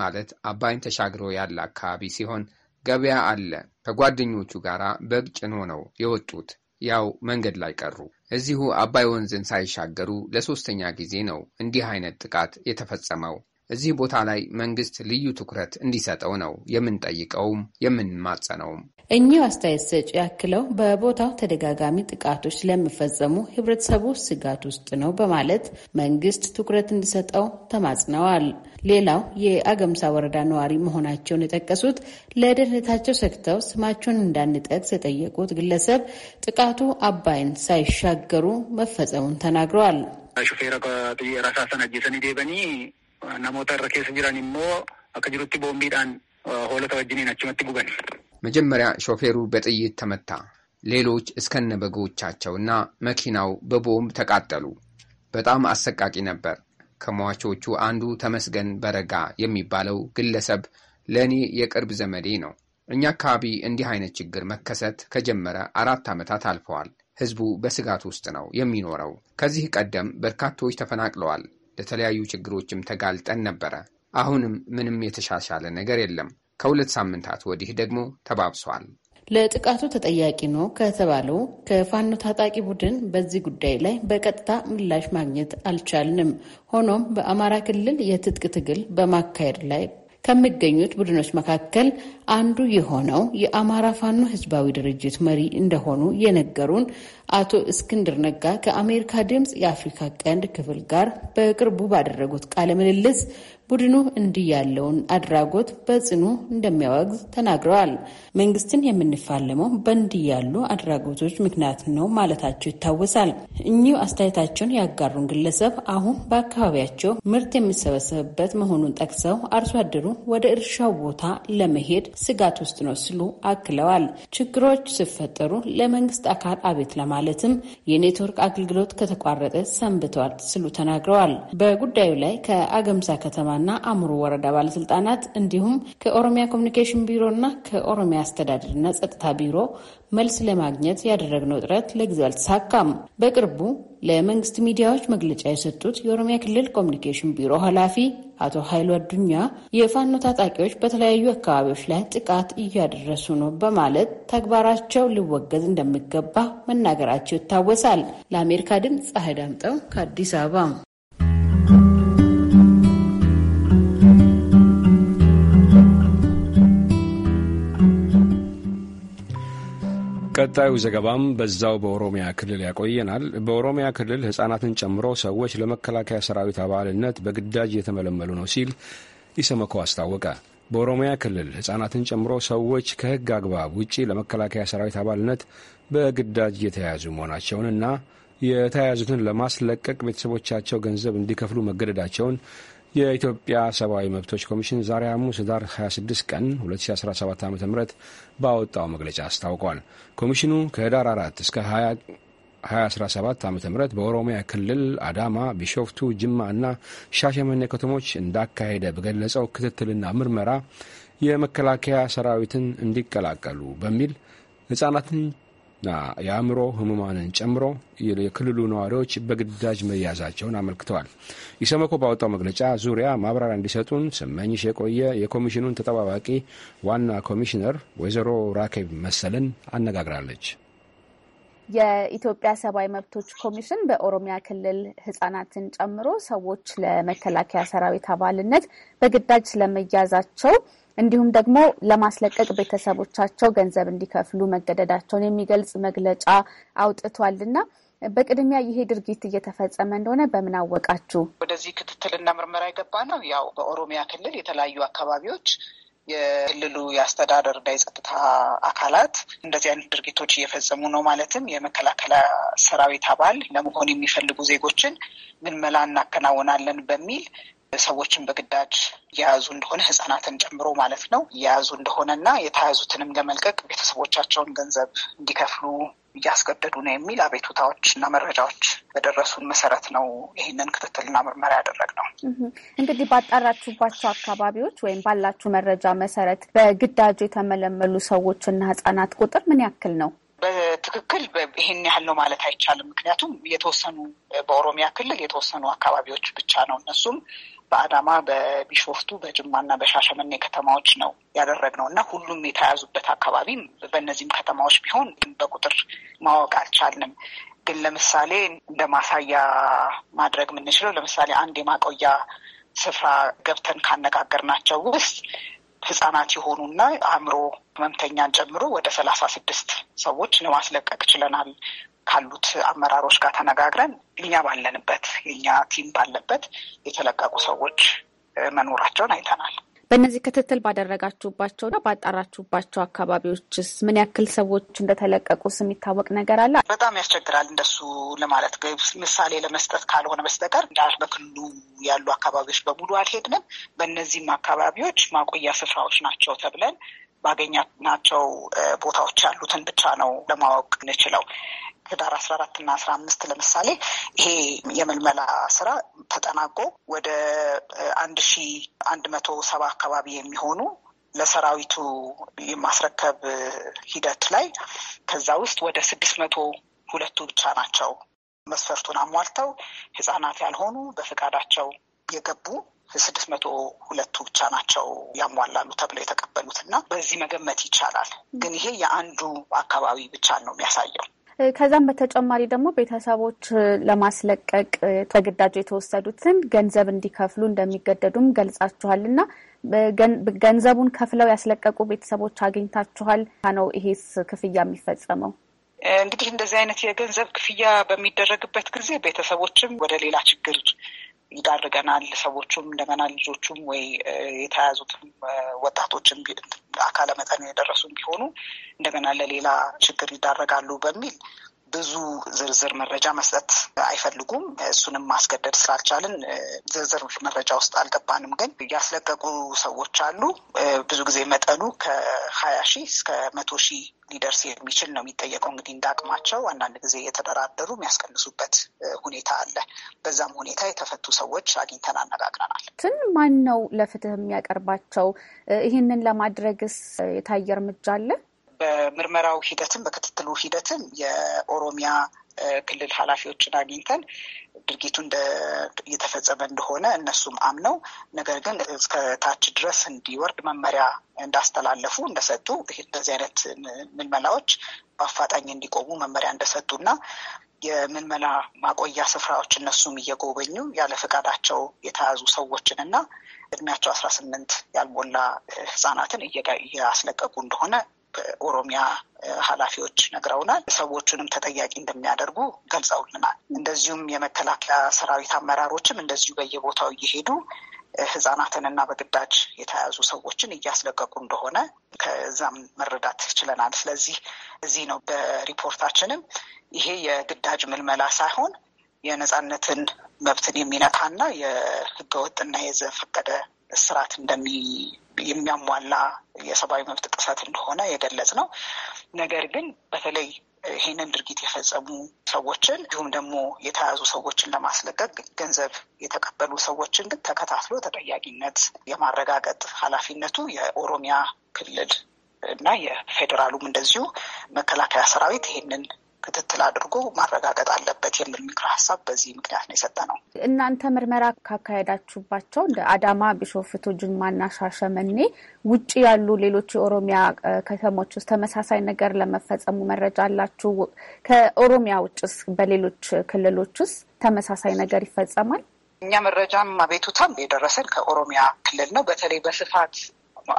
ማለት አባይን ተሻግሮ ያለ አካባቢ ሲሆን ገበያ አለ። ከጓደኞቹ ጋር በግ ጭኖ ነው የወጡት። ያው መንገድ ላይ ቀሩ። እዚሁ አባይ ወንዝን ሳይሻገሩ ለሶስተኛ ጊዜ ነው እንዲህ አይነት ጥቃት የተፈጸመው። እዚህ ቦታ ላይ መንግስት ልዩ ትኩረት እንዲሰጠው ነው የምንጠይቀውም የምንማጸነውም። እኚሁ አስተያየት ሰጪ ያክለው በቦታው ተደጋጋሚ ጥቃቶች ስለሚፈጸሙ ህብረተሰቡ ስጋት ውስጥ ነው በማለት መንግስት ትኩረት እንዲሰጠው ተማጽነዋል። ሌላው የአገምሳ ወረዳ ነዋሪ መሆናቸውን የጠቀሱት ለደህንነታቸው ሰግተው ስማቸውን እንዳንጠቅስ የጠየቁት ግለሰብ ጥቃቱ አባይን ሳይሻገሩ መፈጸሙን ተናግረዋል። መጀመሪያ ሾፌሩ በጥይት ተመታ። ሌሎች እስከነበጎቻቸውና መኪናው በቦምብ ተቃጠሉ። በጣም አሰቃቂ ነበር። ከሟቾቹ አንዱ ተመስገን በረጋ የሚባለው ግለሰብ ለእኔ የቅርብ ዘመዴ ነው። እኛ አካባቢ እንዲህ አይነት ችግር መከሰት ከጀመረ አራት ዓመታት አልፈዋል። ሕዝቡ በስጋት ውስጥ ነው የሚኖረው። ከዚህ ቀደም በርካቶች ተፈናቅለዋል። ለተለያዩ ችግሮችም ተጋልጠን ነበረ። አሁንም ምንም የተሻሻለ ነገር የለም። ከሁለት ሳምንታት ወዲህ ደግሞ ተባብሷል። ለጥቃቱ ተጠያቂ ነው ከተባለው ከፋኖ ታጣቂ ቡድን በዚህ ጉዳይ ላይ በቀጥታ ምላሽ ማግኘት አልቻልንም። ሆኖም በአማራ ክልል የትጥቅ ትግል በማካሄድ ላይ ከሚገኙት ቡድኖች መካከል አንዱ የሆነው የአማራ ፋኖ ህዝባዊ ድርጅት መሪ እንደሆኑ የነገሩን አቶ እስክንድር ነጋ ከአሜሪካ ድምፅ የአፍሪካ ቀንድ ክፍል ጋር በቅርቡ ባደረጉት ቃለ ምልልስ ቡድኑ እንዲህ ያለውን አድራጎት በጽኑ እንደሚያወግዝ ተናግረዋል። መንግስትን የምንፋለመው በእንዲህ ያሉ አድራጎቶች ምክንያት ነው ማለታቸው ይታወሳል። እኚሁ አስተያየታቸውን ያጋሩን ግለሰብ አሁን በአካባቢያቸው ምርት የሚሰበሰብበት መሆኑን ጠቅሰው አርሶ አደሩ ወደ እርሻው ቦታ ለመሄድ ስጋት ውስጥ ነው ሲሉ አክለዋል። ችግሮች ሲፈጠሩ ለመንግስት አካል አቤት ለማለት ማለትም የኔትወርክ አገልግሎት ከተቋረጠ ሰንብተዋል ስሉ ተናግረዋል። በጉዳዩ ላይ ከአገምሳ ከተማና አምሩ ወረዳ ባለስልጣናት እንዲሁም ከኦሮሚያ ኮሚኒኬሽን ቢሮና ከኦሮሚያ አስተዳደርና ጸጥታ ቢሮ መልስ ለማግኘት ያደረግነው ጥረት ለጊዜው አልተሳካም። በቅርቡ ለመንግስት ሚዲያዎች መግለጫ የሰጡት የኦሮሚያ ክልል ኮሚኒኬሽን ቢሮ ኃላፊ አቶ ኃይሉ አዱኛ የፋኖ ታጣቂዎች በተለያዩ አካባቢዎች ላይ ጥቃት እያደረሱ ነው በማለት ተግባራቸው ሊወገዝ እንደሚገባ መናገራቸው ይታወሳል። ለአሜሪካ ድምፅ ፀሐይ ዳምጠው ከአዲስ አበባ ቀጣዩ ዘገባም በዛው በኦሮሚያ ክልል ያቆየናል። በኦሮሚያ ክልል ሕጻናትን ጨምሮ ሰዎች ለመከላከያ ሰራዊት አባልነት በግዳጅ እየተመለመሉ ነው ሲል ኢሰመኮ አስታወቀ። በኦሮሚያ ክልል ሕጻናትን ጨምሮ ሰዎች ከሕግ አግባብ ውጪ ለመከላከያ ሰራዊት አባልነት በግዳጅ እየተያያዙ መሆናቸውንና የተያያዙትን ለማስለቀቅ ቤተሰቦቻቸው ገንዘብ እንዲከፍሉ መገደዳቸውን የኢትዮጵያ ሰብአዊ መብቶች ኮሚሽን ዛሬ ሐሙስ ህዳር 26 ቀን 2017 ዓ ም ባወጣው መግለጫ አስታውቋል። ኮሚሽኑ ከህዳር 4 እስከ 2017 ዓ ም በኦሮሚያ ክልል አዳማ፣ ቢሾፍቱ፣ ጅማ እና ሻሸመኔ ከተሞች እንዳካሄደ በገለጸው ክትትልና ምርመራ የመከላከያ ሰራዊትን እንዲቀላቀሉ በሚል ህጻናትን የአእምሮ ህሙማንን ጨምሮ የክልሉ ነዋሪዎች በግዳጅ መያዛቸውን አመልክተዋል። ኢሰመኮ ባወጣው መግለጫ ዙሪያ ማብራሪያ እንዲሰጡን ስመኝሽ የቆየ የኮሚሽኑን ተጠባባቂ ዋና ኮሚሽነር ወይዘሮ ራኬብ መሰልን አነጋግራለች። የኢትዮጵያ ሰብአዊ መብቶች ኮሚሽን በኦሮሚያ ክልል ህጻናትን ጨምሮ ሰዎች ለመከላከያ ሰራዊት አባልነት በግዳጅ ስለመያዛቸው እንዲሁም ደግሞ ለማስለቀቅ ቤተሰቦቻቸው ገንዘብ እንዲከፍሉ መገደዳቸውን የሚገልጽ መግለጫ አውጥቷል እና በቅድሚያ ይሄ ድርጊት እየተፈጸመ እንደሆነ በምን አወቃችሁ? ወደዚህ ክትትልና ምርመራ የገባ ነው ያው በኦሮሚያ ክልል የተለያዩ አካባቢዎች የክልሉ እና የጸጥታ አካላት እንደዚህ አይነት ድርጊቶች እየፈጸሙ ነው። ማለትም የመከላከያ ሰራዊት አባል ለመሆን የሚፈልጉ ዜጎችን ምንመላ እናከናወናለን በሚል ሰዎችን በግዳጅ የያዙ እንደሆነ ህጻናትን ጨምሮ ማለት ነው የያዙ እንደሆነ እና የተያዙትንም ለመልቀቅ ቤተሰቦቻቸውን ገንዘብ እንዲከፍሉ እያስገደዱ ነው የሚል አቤቱታዎች እና መረጃዎች በደረሱን መሰረት ነው ይህንን ክትትልና ምርመራ ነው። እንግዲህ ባጣራችሁባቸው አካባቢዎች ወይም ባላችሁ መረጃ መሰረት በግዳጅ የተመለመሉ ሰዎችና ህጻናት ቁጥር ምን ያክል ነው? በትክክል ይህን ያህል ነው ማለት አይቻልም። ምክንያቱም የተወሰኑ በኦሮሚያ ክልል የተወሰኑ አካባቢዎች ብቻ ነው እነሱም በአዳማ፣ በቢሾፍቱ፣ በጅማና በሻሸመኔ ከተማዎች ነው ያደረግነው እና ሁሉም የተያዙበት አካባቢ በእነዚህም ከተማዎች ቢሆን በቁጥር ማወቅ አልቻልንም። ግን ለምሳሌ እንደ ማሳያ ማድረግ የምንችለው ለምሳሌ አንድ የማቆያ ስፍራ ገብተን ካነጋገርናቸው ውስጥ ህጻናት የሆኑና አእምሮ ህመምተኛን ጨምሮ ወደ ሰላሳ ስድስት ሰዎች ለማስለቀቅ ችለናል። ካሉት አመራሮች ጋር ተነጋግረን እኛ ባለንበት የኛ ቲም ባለበት የተለቀቁ ሰዎች መኖራቸውን አይተናል። በእነዚህ ክትትል ባደረጋችሁባቸውና ባጣራችሁባቸው አካባቢዎችስ ምን ያክል ሰዎች እንደተለቀቁ የሚታወቅ ነገር አለ? በጣም ያስቸግራል እንደሱ ለማለት ምሳሌ ለመስጠት ካልሆነ በስተቀር እንዳል በክልሉ ያሉ አካባቢዎች በሙሉ አልሄድንም። በእነዚህም አካባቢዎች ማቆያ ስፍራዎች ናቸው ተብለን ባገኛናቸው ቦታዎች ያሉትን ብቻ ነው ለማወቅ እንችለው። ህዳር አስራ አራት እና አስራ አምስት ለምሳሌ ይሄ የምልመላ ስራ ተጠናቆ ወደ አንድ ሺ አንድ መቶ ሰባ አካባቢ የሚሆኑ ለሰራዊቱ የማስረከብ ሂደት ላይ ከዛ ውስጥ ወደ ስድስት መቶ ሁለቱ ብቻ ናቸው መስፈርቱን አሟልተው ህጻናት ያልሆኑ በፈቃዳቸው የገቡ ስድስት መቶ ሁለቱ ብቻ ናቸው ያሟላሉ ተብለው የተቀበሉት እና በዚህ መገመት ይቻላል። ግን ይሄ የአንዱ አካባቢ ብቻ ነው የሚያሳየው። ከዛም በተጨማሪ ደግሞ ቤተሰቦች ለማስለቀቅ ተግዳጅ የተወሰዱትን ገንዘብ እንዲከፍሉ እንደሚገደዱም ገልጻችኋል እና ገንዘቡን ከፍለው ያስለቀቁ ቤተሰቦች አግኝታችኋል ነው? ይሄስ ክፍያ የሚፈጸመው? እንግዲህ እንደዚህ አይነት የገንዘብ ክፍያ በሚደረግበት ጊዜ ቤተሰቦችም ወደ ሌላ ችግር ይዳርገናል። ሰዎቹም እንደገና ልጆቹም ወይ የተያዙትም ወጣቶችም አካለ መጠን ቢሆኑ እንደገና ለሌላ ችግር ይዳረጋሉ በሚል ብዙ ዝርዝር መረጃ መስጠት አይፈልጉም። እሱንም ማስገደድ ስላልቻልን ዝርዝር መረጃ ውስጥ አልገባንም። ግን ያስለቀቁ ሰዎች አሉ። ብዙ ጊዜ መጠኑ ከሀያ ሺህ እስከ መቶ ሺህ ሊደርስ የሚችል ነው የሚጠየቀው። እንግዲህ እንዳቅማቸው አንዳንድ ጊዜ የተደራደሩ የሚያስቀንሱበት ሁኔታ አለ። በዛም ሁኔታ የተፈቱ ሰዎች አግኝተን አነጋግረናል። ትን ማን ነው ለፍትህ የሚያቀርባቸው? ይህንን ለማድረግስ የታየ እርምጃ አለ? በምርመራው ሂደትም በክትትሉ ሂደትም የኦሮሚያ ክልል ኃላፊዎችን አግኝተን ድርጊቱ እየተፈጸመ እንደሆነ እነሱም አምነው ነገር ግን እስከ ታች ድረስ እንዲወርድ መመሪያ እንዳስተላለፉ እንደሰጡ እንደዚህ አይነት ምልመላዎች በአፋጣኝ እንዲቆሙ መመሪያ እንደሰጡ እና የምልመላ ማቆያ ስፍራዎች እነሱም እየጎበኙ ያለ ፈቃዳቸው የተያዙ ሰዎችን እና እድሜያቸው አስራ ስምንት ያልሞላ ህጻናትን እያስለቀቁ እንደሆነ ኦሮሚያ ኃላፊዎች ነግረውናል። ሰዎቹንም ተጠያቂ እንደሚያደርጉ ገልጸውልናል። እንደዚሁም የመከላከያ ሰራዊት አመራሮችም እንደዚሁ በየቦታው እየሄዱ ህጻናትንና በግዳጅ የተያዙ ሰዎችን እያስለቀቁ እንደሆነ ከዛም መረዳት ችለናል። ስለዚህ እዚህ ነው በሪፖርታችንም ይሄ የግዳጅ ምልመላ ሳይሆን የነጻነትን መብትን የሚነካና የህገወጥና የዘፈቀደ ስርዓት እንደሚ የሚያሟላ የሰብአዊ መብት ጥሰት እንደሆነ የገለጽ ነው። ነገር ግን በተለይ ይህንን ድርጊት የፈጸሙ ሰዎችን እንዲሁም ደግሞ የተያዙ ሰዎችን ለማስለቀቅ ገንዘብ የተቀበሉ ሰዎችን ግን ተከታትሎ ተጠያቂነት የማረጋገጥ ኃላፊነቱ የኦሮሚያ ክልል እና የፌዴራሉም እንደዚሁ መከላከያ ሰራዊት ይህንን ክትትል አድርጎ ማረጋገጥ አለበት የሚል ምክረ ሀሳብ በዚህ ምክንያት ነው የሰጠ ነው። እናንተ ምርመራ ካካሄዳችሁባቸው እንደ አዳማ፣ ቢሾፍቱ፣ ጅማና ሻሸመኔ ውጭ ያሉ ሌሎች የኦሮሚያ ከተሞች ውስጥ ተመሳሳይ ነገር ለመፈጸሙ መረጃ አላችሁ? ከኦሮሚያ ውጭስ በሌሎች ክልሎች ውስጥ ተመሳሳይ ነገር ይፈጸማል? እኛ መረጃም አቤቱታም የደረሰን ከኦሮሚያ ክልል ነው። በተለይ በስፋት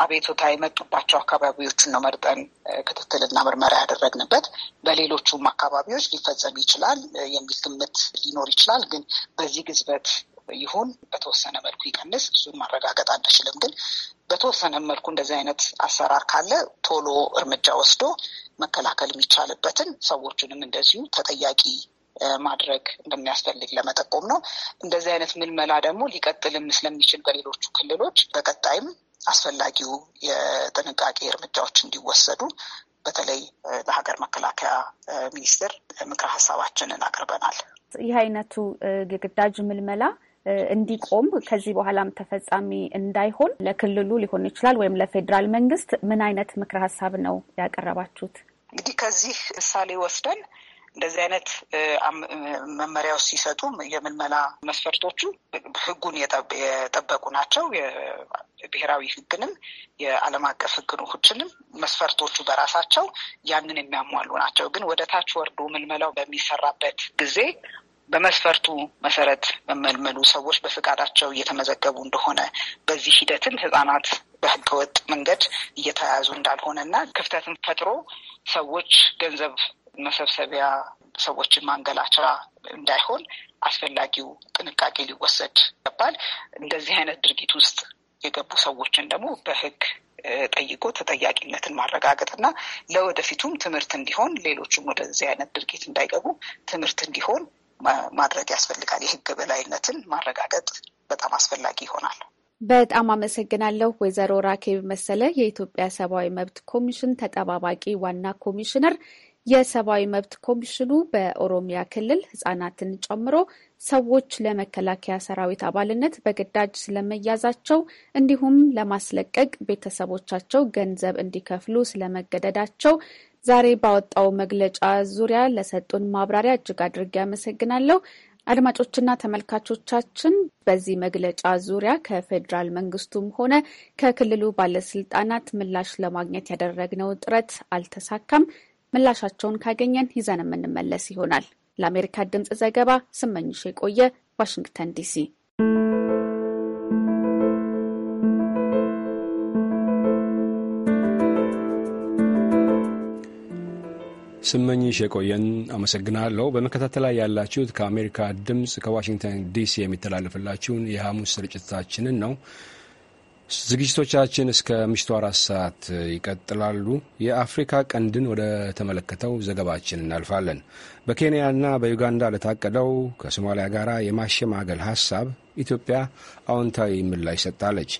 አቤቱታ የመጡባቸው አካባቢዎችን ነው መርጠን ክትትልና ምርመራ ያደረግንበት። በሌሎቹም አካባቢዎች ሊፈጸም ይችላል የሚል ግምት ሊኖር ይችላል። ግን በዚህ ግዝበት ይሁን በተወሰነ መልኩ ይቀንስ፣ እሱን ማረጋገጥ አንችልም። ግን በተወሰነ መልኩ እንደዚህ አይነት አሰራር ካለ ቶሎ እርምጃ ወስዶ መከላከል የሚቻልበትን ሰዎቹንም እንደዚሁ ተጠያቂ ማድረግ እንደሚያስፈልግ ለመጠቆም ነው። እንደዚህ አይነት ምልመላ ደግሞ ሊቀጥልም ስለሚችል በሌሎቹ ክልሎች በቀጣይም አስፈላጊው የጥንቃቄ እርምጃዎች እንዲወሰዱ በተለይ ለሀገር መከላከያ ሚኒስቴር ምክረ ሀሳባችንን አቅርበናል። ይህ አይነቱ የግዳጅ ምልመላ እንዲቆም ከዚህ በኋላም ተፈጻሚ እንዳይሆን ለክልሉ ሊሆን ይችላል ወይም ለፌዴራል መንግስት ምን አይነት ምክረ ሀሳብ ነው ያቀረባችሁት? እንግዲህ ከዚህ ምሳሌ ወስደን እንደዚህ አይነት መመሪያዎች ሲሰጡ የምልመላ መስፈርቶቹ ህጉን የጠበቁ ናቸው። የብሔራዊ ህግንም የዓለም አቀፍ ህጎችንም መስፈርቶቹ በራሳቸው ያንን የሚያሟሉ ናቸው። ግን ወደ ታች ወርዶ ምልመላው በሚሰራበት ጊዜ በመስፈርቱ መሰረት መመልመሉ ሰዎች በፍቃዳቸው እየተመዘገቡ እንደሆነ በዚህ ሂደትም ህጻናት በህገወጥ መንገድ እየተያያዙ እንዳልሆነ እና ክፍተትን ፈጥሮ ሰዎች ገንዘብ መሰብሰቢያ ሰዎችን ማንገላቻ እንዳይሆን አስፈላጊው ጥንቃቄ ሊወሰድ ይገባል። እንደዚህ አይነት ድርጊት ውስጥ የገቡ ሰዎችን ደግሞ በህግ ጠይቆ ተጠያቂነትን ማረጋገጥና ለወደፊቱም ትምህርት እንዲሆን ሌሎችም ወደዚህ አይነት ድርጊት እንዳይገቡ ትምህርት እንዲሆን ማድረግ ያስፈልጋል። የህግ በላይነትን ማረጋገጥ በጣም አስፈላጊ ይሆናል። በጣም አመሰግናለሁ ወይዘሮ ራኬብ መሰለ የኢትዮጵያ ሰብአዊ መብት ኮሚሽን ተጠባባቂ ዋና ኮሚሽነር የሰብአዊ መብት ኮሚሽኑ በኦሮሚያ ክልል ህጻናትን ጨምሮ ሰዎች ለመከላከያ ሰራዊት አባልነት በግዳጅ ስለመያዛቸው እንዲሁም ለማስለቀቅ ቤተሰቦቻቸው ገንዘብ እንዲከፍሉ ስለመገደዳቸው ዛሬ ባወጣው መግለጫ ዙሪያ ለሰጡን ማብራሪያ እጅግ አድርጌ አመሰግናለሁ። አድማጮችና ተመልካቾቻችን በዚህ መግለጫ ዙሪያ ከፌዴራል መንግስቱም ሆነ ከክልሉ ባለስልጣናት ምላሽ ለማግኘት ያደረግነው ጥረት አልተሳካም። ምላሻቸውን ካገኘን ይዘን የምንመለስ ይሆናል። ለአሜሪካ ድምፅ ዘገባ ስመኝሽ የቆየ ዋሽንግተን ዲሲ። ስመኝሽ የቆየን አመሰግናለሁ። በመከታተል ላይ ያላችሁት ከአሜሪካ ድምፅ ከዋሽንግተን ዲሲ የሚተላለፍላችሁን የሐሙስ ስርጭታችንን ነው። ዝግጅቶቻችን እስከ ምሽቱ አራት ሰዓት ይቀጥላሉ። የአፍሪካ ቀንድን ወደ ተመለከተው ዘገባችን እናልፋለን። በኬንያና በዩጋንዳ ለታቀደው ከሶማሊያ ጋር የማሸማገል ሀሳብ ኢትዮጵያ አዎንታዊ ምላሽ ሰጥታለች።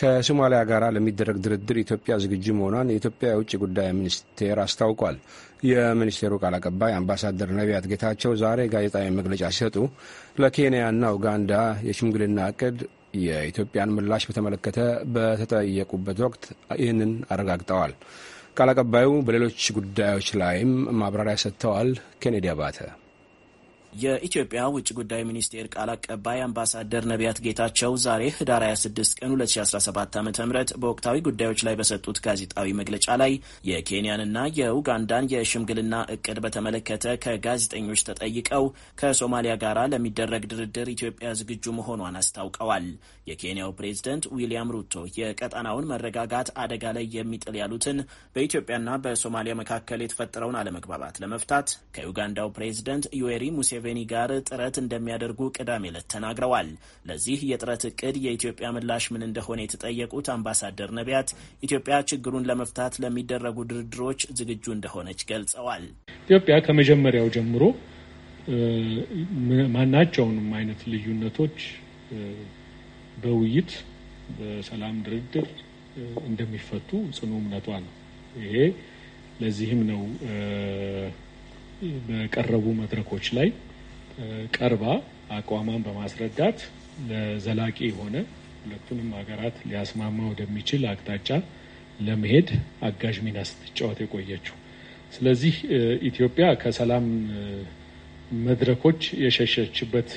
ከሶማሊያ ጋር ለሚደረግ ድርድር ኢትዮጵያ ዝግጁ መሆኗን የኢትዮጵያ የውጭ ጉዳይ ሚኒስቴር አስታውቋል። የሚኒስቴሩ ቃል አቀባይ አምባሳደር ነቢያት ጌታቸው ዛሬ ጋዜጣዊ መግለጫ ሲሰጡ ለኬንያና ኡጋንዳ የሽምግልና እቅድ የኢትዮጵያን ምላሽ በተመለከተ በተጠየቁበት ወቅት ይህንን አረጋግጠዋል። ቃል አቀባዩ በሌሎች ጉዳዮች ላይም ማብራሪያ ሰጥተዋል። ኬኔዲ አባተ የኢትዮጵያ ውጭ ጉዳይ ሚኒስቴር ቃል አቀባይ አምባሳደር ነቢያት ጌታቸው ዛሬ ህዳር 26 ቀን 2017 ዓ ም በወቅታዊ ጉዳዮች ላይ በሰጡት ጋዜጣዊ መግለጫ ላይ የኬንያንና የኡጋንዳን የሽምግልና እቅድ በተመለከተ ከጋዜጠኞች ተጠይቀው ከሶማሊያ ጋር ለሚደረግ ድርድር ኢትዮጵያ ዝግጁ መሆኗን አስታውቀዋል። የኬንያው ፕሬዝደንት ዊልያም ሩቶ የቀጠናውን መረጋጋት አደጋ ላይ የሚጥል ያሉትን በኢትዮጵያና በሶማሊያ መካከል የተፈጠረውን አለመግባባት ለመፍታት ከዩጋንዳው ፕሬዝደንት ዩዌሪ ሙሴ ሙሴቬኒ ጋር ጥረት እንደሚያደርጉ ቅዳሜ ዕለት ተናግረዋል። ለዚህ የጥረት እቅድ የኢትዮጵያ ምላሽ ምን እንደሆነ የተጠየቁት አምባሳደር ነቢያት ኢትዮጵያ ችግሩን ለመፍታት ለሚደረጉ ድርድሮች ዝግጁ እንደሆነች ገልጸዋል። ኢትዮጵያ ከመጀመሪያው ጀምሮ ማናቸውንም አይነት ልዩነቶች በውይይት በሰላም ድርድር እንደሚፈቱ ጽኑ እምነቷ ነው። ይሄ ለዚህም ነው በቀረቡ መድረኮች ላይ ቀርባ አቋሟን በማስረዳት ለዘላቂ የሆነ ሁለቱንም ሀገራት ሊያስማማ ወደሚችል አቅጣጫ ለመሄድ አጋዥ ሚና ስትጫወት የቆየችው። ስለዚህ ኢትዮጵያ ከሰላም መድረኮች የሸሸችበት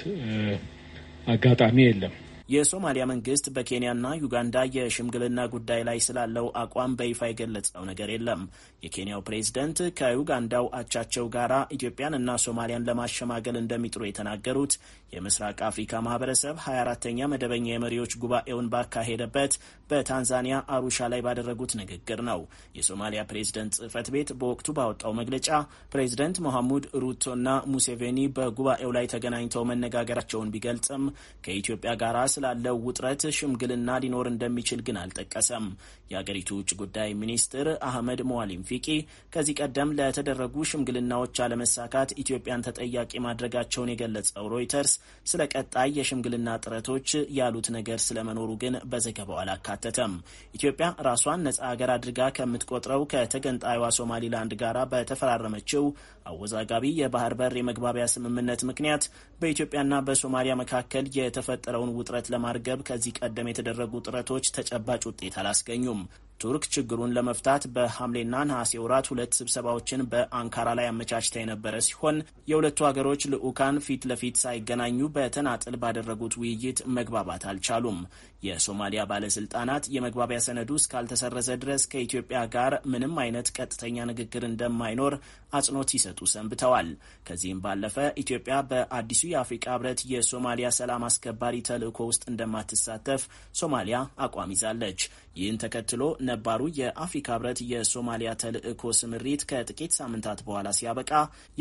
አጋጣሚ የለም። የሶማሊያ መንግስት በኬንያና ዩጋንዳ የሽምግልና ጉዳይ ላይ ስላለው አቋም በይፋ የገለጸው ነገር የለም። የኬንያው ፕሬዝደንት ከዩጋንዳው አቻቸው ጋር ኢትዮጵያንና ሶማሊያን ለማሸማገል እንደሚጥሩ የተናገሩት የምስራቅ አፍሪካ ማህበረሰብ 24ተኛ መደበኛ የመሪዎች ጉባኤውን ባካሄደበት በታንዛኒያ አሩሻ ላይ ባደረጉት ንግግር ነው። የሶማሊያ ፕሬዝደንት ጽህፈት ቤት በወቅቱ ባወጣው መግለጫ ፕሬዝደንት መሐሙድ ሩቶና ሙሴቬኒ በጉባኤው ላይ ተገናኝተው መነጋገራቸውን ቢገልጽም ከኢትዮጵያ ጋር ስላለው ውጥረት ሽምግልና ሊኖር እንደሚችል ግን አልጠቀሰም። የአገሪቱ ውጭ ጉዳይ ሚኒስትር አህመድ ሞዋሊም ፊቂ ከዚህ ቀደም ለተደረጉ ሽምግልናዎች አለመሳካት ኢትዮጵያን ተጠያቂ ማድረጋቸውን የገለጸው ሮይተርስ ስለ ቀጣይ የሽምግልና ጥረቶች ያሉት ነገር ስለመኖሩ ግን በዘገባው አላካተተም። ኢትዮጵያ ራሷን ነጻ አገር አድርጋ ከምትቆጥረው ከተገንጣይዋ ሶማሊላንድ ጋራ በተፈራረመችው አወዛጋቢ የባህር በር የመግባቢያ ስምምነት ምክንያት በኢትዮጵያና በሶማሊያ መካከል የተፈጠረውን ውጥረት ለማርገብ ከዚህ ቀደም የተደረጉ ጥረቶች ተጨባጭ ውጤት አላስገኙም። ቱርክ ችግሩን ለመፍታት በሐምሌና ነሐሴ ወራት ሁለት ስብሰባዎችን በአንካራ ላይ አመቻችታ የነበረ ሲሆን የሁለቱ ሀገሮች ልዑካን ፊት ለፊት ሳይገናኙ በተናጥል ባደረጉት ውይይት መግባባት አልቻሉም። የሶማሊያ ባለስልጣናት የመግባቢያ ሰነዱ እስካልተሰረዘ ድረስ ከኢትዮጵያ ጋር ምንም አይነት ቀጥተኛ ንግግር እንደማይኖር አጽንኦት ሲሰጡ ሰንብተዋል። ከዚህም ባለፈ ኢትዮጵያ በአዲሱ የአፍሪካ ህብረት የሶማሊያ ሰላም አስከባሪ ተልዕኮ ውስጥ እንደማትሳተፍ ሶማሊያ አቋም ይዛለች። ይህን ተከትሎ ነባሩ የአፍሪካ ህብረት የሶማሊያ ተልዕኮ ስምሪት ከጥቂት ሳምንታት በኋላ ሲያበቃ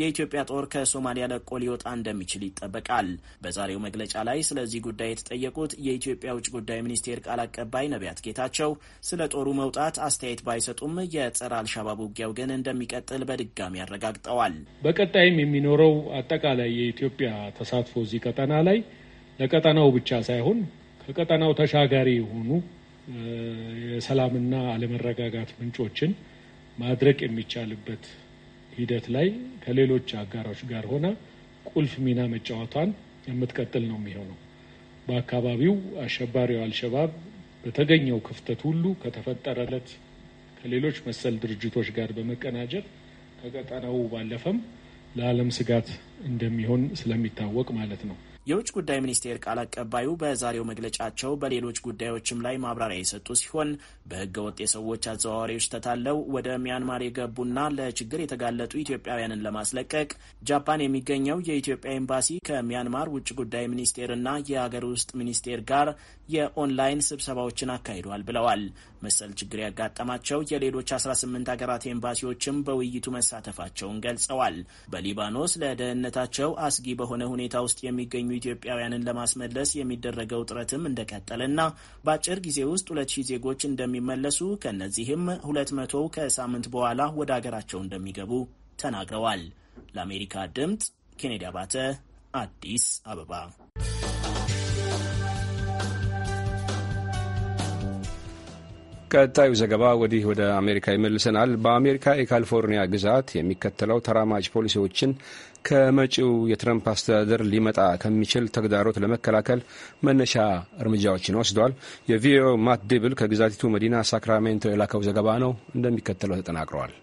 የኢትዮጵያ ጦር ከሶማሊያ ለቆ ሊወጣ እንደሚችል ይጠበቃል። በዛሬው መግለጫ ላይ ስለዚህ ጉዳይ የተጠየቁት የኢትዮጵያ ውጭ ጉዳይ ሚኒስቴር ቃል አቀባይ ነቢያት ጌታቸው ስለ ጦሩ መውጣት አስተያየት ባይሰጡም የጸረ አልሻባብ ውጊያው ግን እንደሚቀጥል በድጋሚ አረጋግጠዋል። በቀጣይም የሚኖረው አጠቃላይ የኢትዮጵያ ተሳትፎ እዚህ ቀጠና ላይ ለቀጠናው ብቻ ሳይሆን ከቀጠናው ተሻጋሪ የሆኑ የሰላምና አለመረጋጋት ምንጮችን ማድረቅ የሚቻልበት ሂደት ላይ ከሌሎች አጋሮች ጋር ሆና ቁልፍ ሚና መጫወቷን የምትቀጥል ነው የሚሆነው። በአካባቢው አሸባሪው አልሸባብ በተገኘው ክፍተት ሁሉ ከተፈጠረለት ከሌሎች መሰል ድርጅቶች ጋር በመቀናጀት ከቀጠናው ባለፈም ለዓለም ስጋት እንደሚሆን ስለሚታወቅ ማለት ነው። የውጭ ጉዳይ ሚኒስቴር ቃል አቀባዩ በዛሬው መግለጫቸው በሌሎች ጉዳዮችም ላይ ማብራሪያ የሰጡ ሲሆን በህገ ወጥ የሰዎች አዘዋዋሪዎች ተታለው ወደ ሚያንማር የገቡና ለችግር የተጋለጡ ኢትዮጵያውያንን ለማስለቀቅ ጃፓን የሚገኘው የኢትዮጵያ ኤምባሲ ከሚያንማር ውጭ ጉዳይ ሚኒስቴርና የአገር ውስጥ ሚኒስቴር ጋር የኦንላይን ስብሰባዎችን አካሂደዋል ብለዋል። መሰል ችግር ያጋጠማቸው የሌሎች 18 ሀገራት ኤምባሲዎችም በውይይቱ መሳተፋቸውን ገልጸዋል። በሊባኖስ ለደህንነታቸው አስጊ በሆነ ሁኔታ ውስጥ የሚገኙ ኢትዮጵያውያንን ለማስመለስ የሚደረገው ጥረትም እንደቀጠለና በአጭር ጊዜ ውስጥ 2000 ዜጎች እንደሚመለሱ ከእነዚህም 200 ከሳምንት በኋላ ወደ አገራቸው እንደሚገቡ ተናግረዋል። ለአሜሪካ ድምፅ ኬኔዲ አባተ አዲስ አበባ ቀጣዩ ዘገባ ወዲህ ወደ አሜሪካ ይመልሰናል። በአሜሪካ የካሊፎርኒያ ግዛት የሚከተለው ተራማጅ ፖሊሲዎችን ከመጪው የትረምፕ አስተዳደር ሊመጣ ከሚችል ተግዳሮት ለመከላከል መነሻ እርምጃዎችን ወስዷል። የቪኦኤ ማት ዴብል ከግዛቲቱ መዲና ሳክራሜንቶ የላከው ዘገባ ነው፣ እንደሚከተለው ተጠናቅረዋል።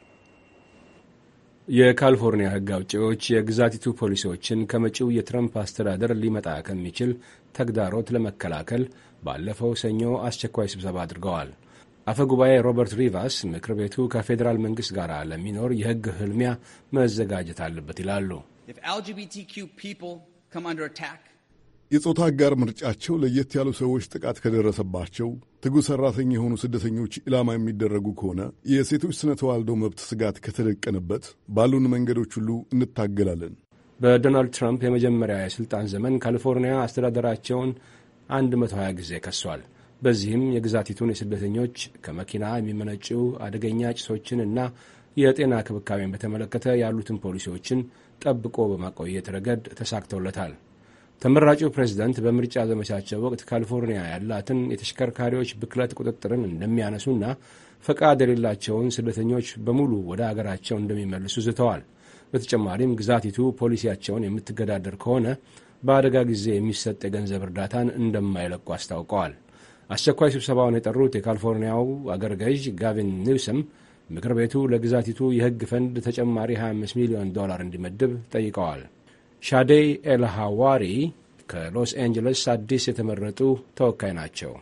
የካሊፎርኒያ ሕግ አውጪዎች የግዛቲቱ ፖሊሲዎችን ከመጪው የትረምፕ አስተዳደር ሊመጣ ከሚችል ተግዳሮት ለመከላከል ባለፈው ሰኞ አስቸኳይ ስብሰባ አድርገዋል። አፈ ጉባኤ ሮበርት ሪቫስ ምክር ቤቱ ከፌዴራል መንግስት ጋር ለሚኖር የህግ ህልሚያ መዘጋጀት አለበት ይላሉ። የጾታ አጋር ምርጫቸው ለየት ያሉ ሰዎች ጥቃት ከደረሰባቸው ትጉ ሠራተኛ የሆኑ ስደተኞች ኢላማ የሚደረጉ ከሆነ የሴቶች ስነ ተዋልዶ መብት ስጋት ከተደቀንበት ባሉን መንገዶች ሁሉ እንታገላለን። በዶናልድ ትራምፕ የመጀመሪያ የሥልጣን ዘመን ካሊፎርኒያ አስተዳደራቸውን 120 ጊዜ ከሷል። በዚህም የግዛቲቱን የስደተኞች ከመኪና የሚመነጩ አደገኛ ጭሶችን እና የጤና ክብካቤን በተመለከተ ያሉትን ፖሊሲዎችን ጠብቆ በማቆየት ረገድ ተሳክተውለታል። ተመራጩ ፕሬዚደንት በምርጫ ዘመቻቸው ወቅት ካሊፎርኒያ ያላትን የተሽከርካሪዎች ብክለት ቁጥጥርን እንደሚያነሱና ፈቃድ የሌላቸውን ስደተኞች በሙሉ ወደ አገራቸው እንደሚመልሱ ዝተዋል። በተጨማሪም ግዛቲቱ ፖሊሲያቸውን የምትገዳደር ከሆነ በአደጋ ጊዜ የሚሰጥ የገንዘብ እርዳታን እንደማይለቁ አስታውቀዋል። አስቸኳይ ስብሰባውን የጠሩት የካሊፎርኒያው አገር ገዥ ጋቪን ኒውሰም ምክር ቤቱ ለግዛቲቱ የሕግ ፈንድ ተጨማሪ 25 ሚሊዮን ዶላር እንዲመድብ ጠይቀዋል። ሻዴ ኤልሃዋሪ ከሎስ አንጀለስ አዲስ የተመረጡ ተወካይ ናቸው።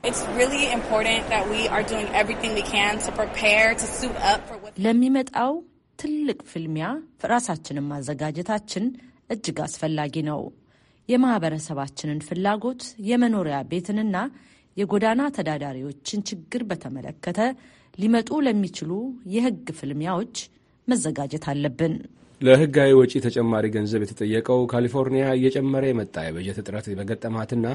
ለሚመጣው ትልቅ ፍልሚያ ራሳችንን ማዘጋጀታችን እጅግ አስፈላጊ ነው። የማህበረሰባችንን ፍላጎት የመኖሪያ ቤትንና የጎዳና ተዳዳሪዎችን ችግር በተመለከተ ሊመጡ ለሚችሉ የህግ ፍልሚያዎች መዘጋጀት አለብን። ለህጋዊ ወጪ ተጨማሪ ገንዘብ የተጠየቀው ካሊፎርኒያ እየጨመረ የመጣ የበጀት እጥረት በገጠማትና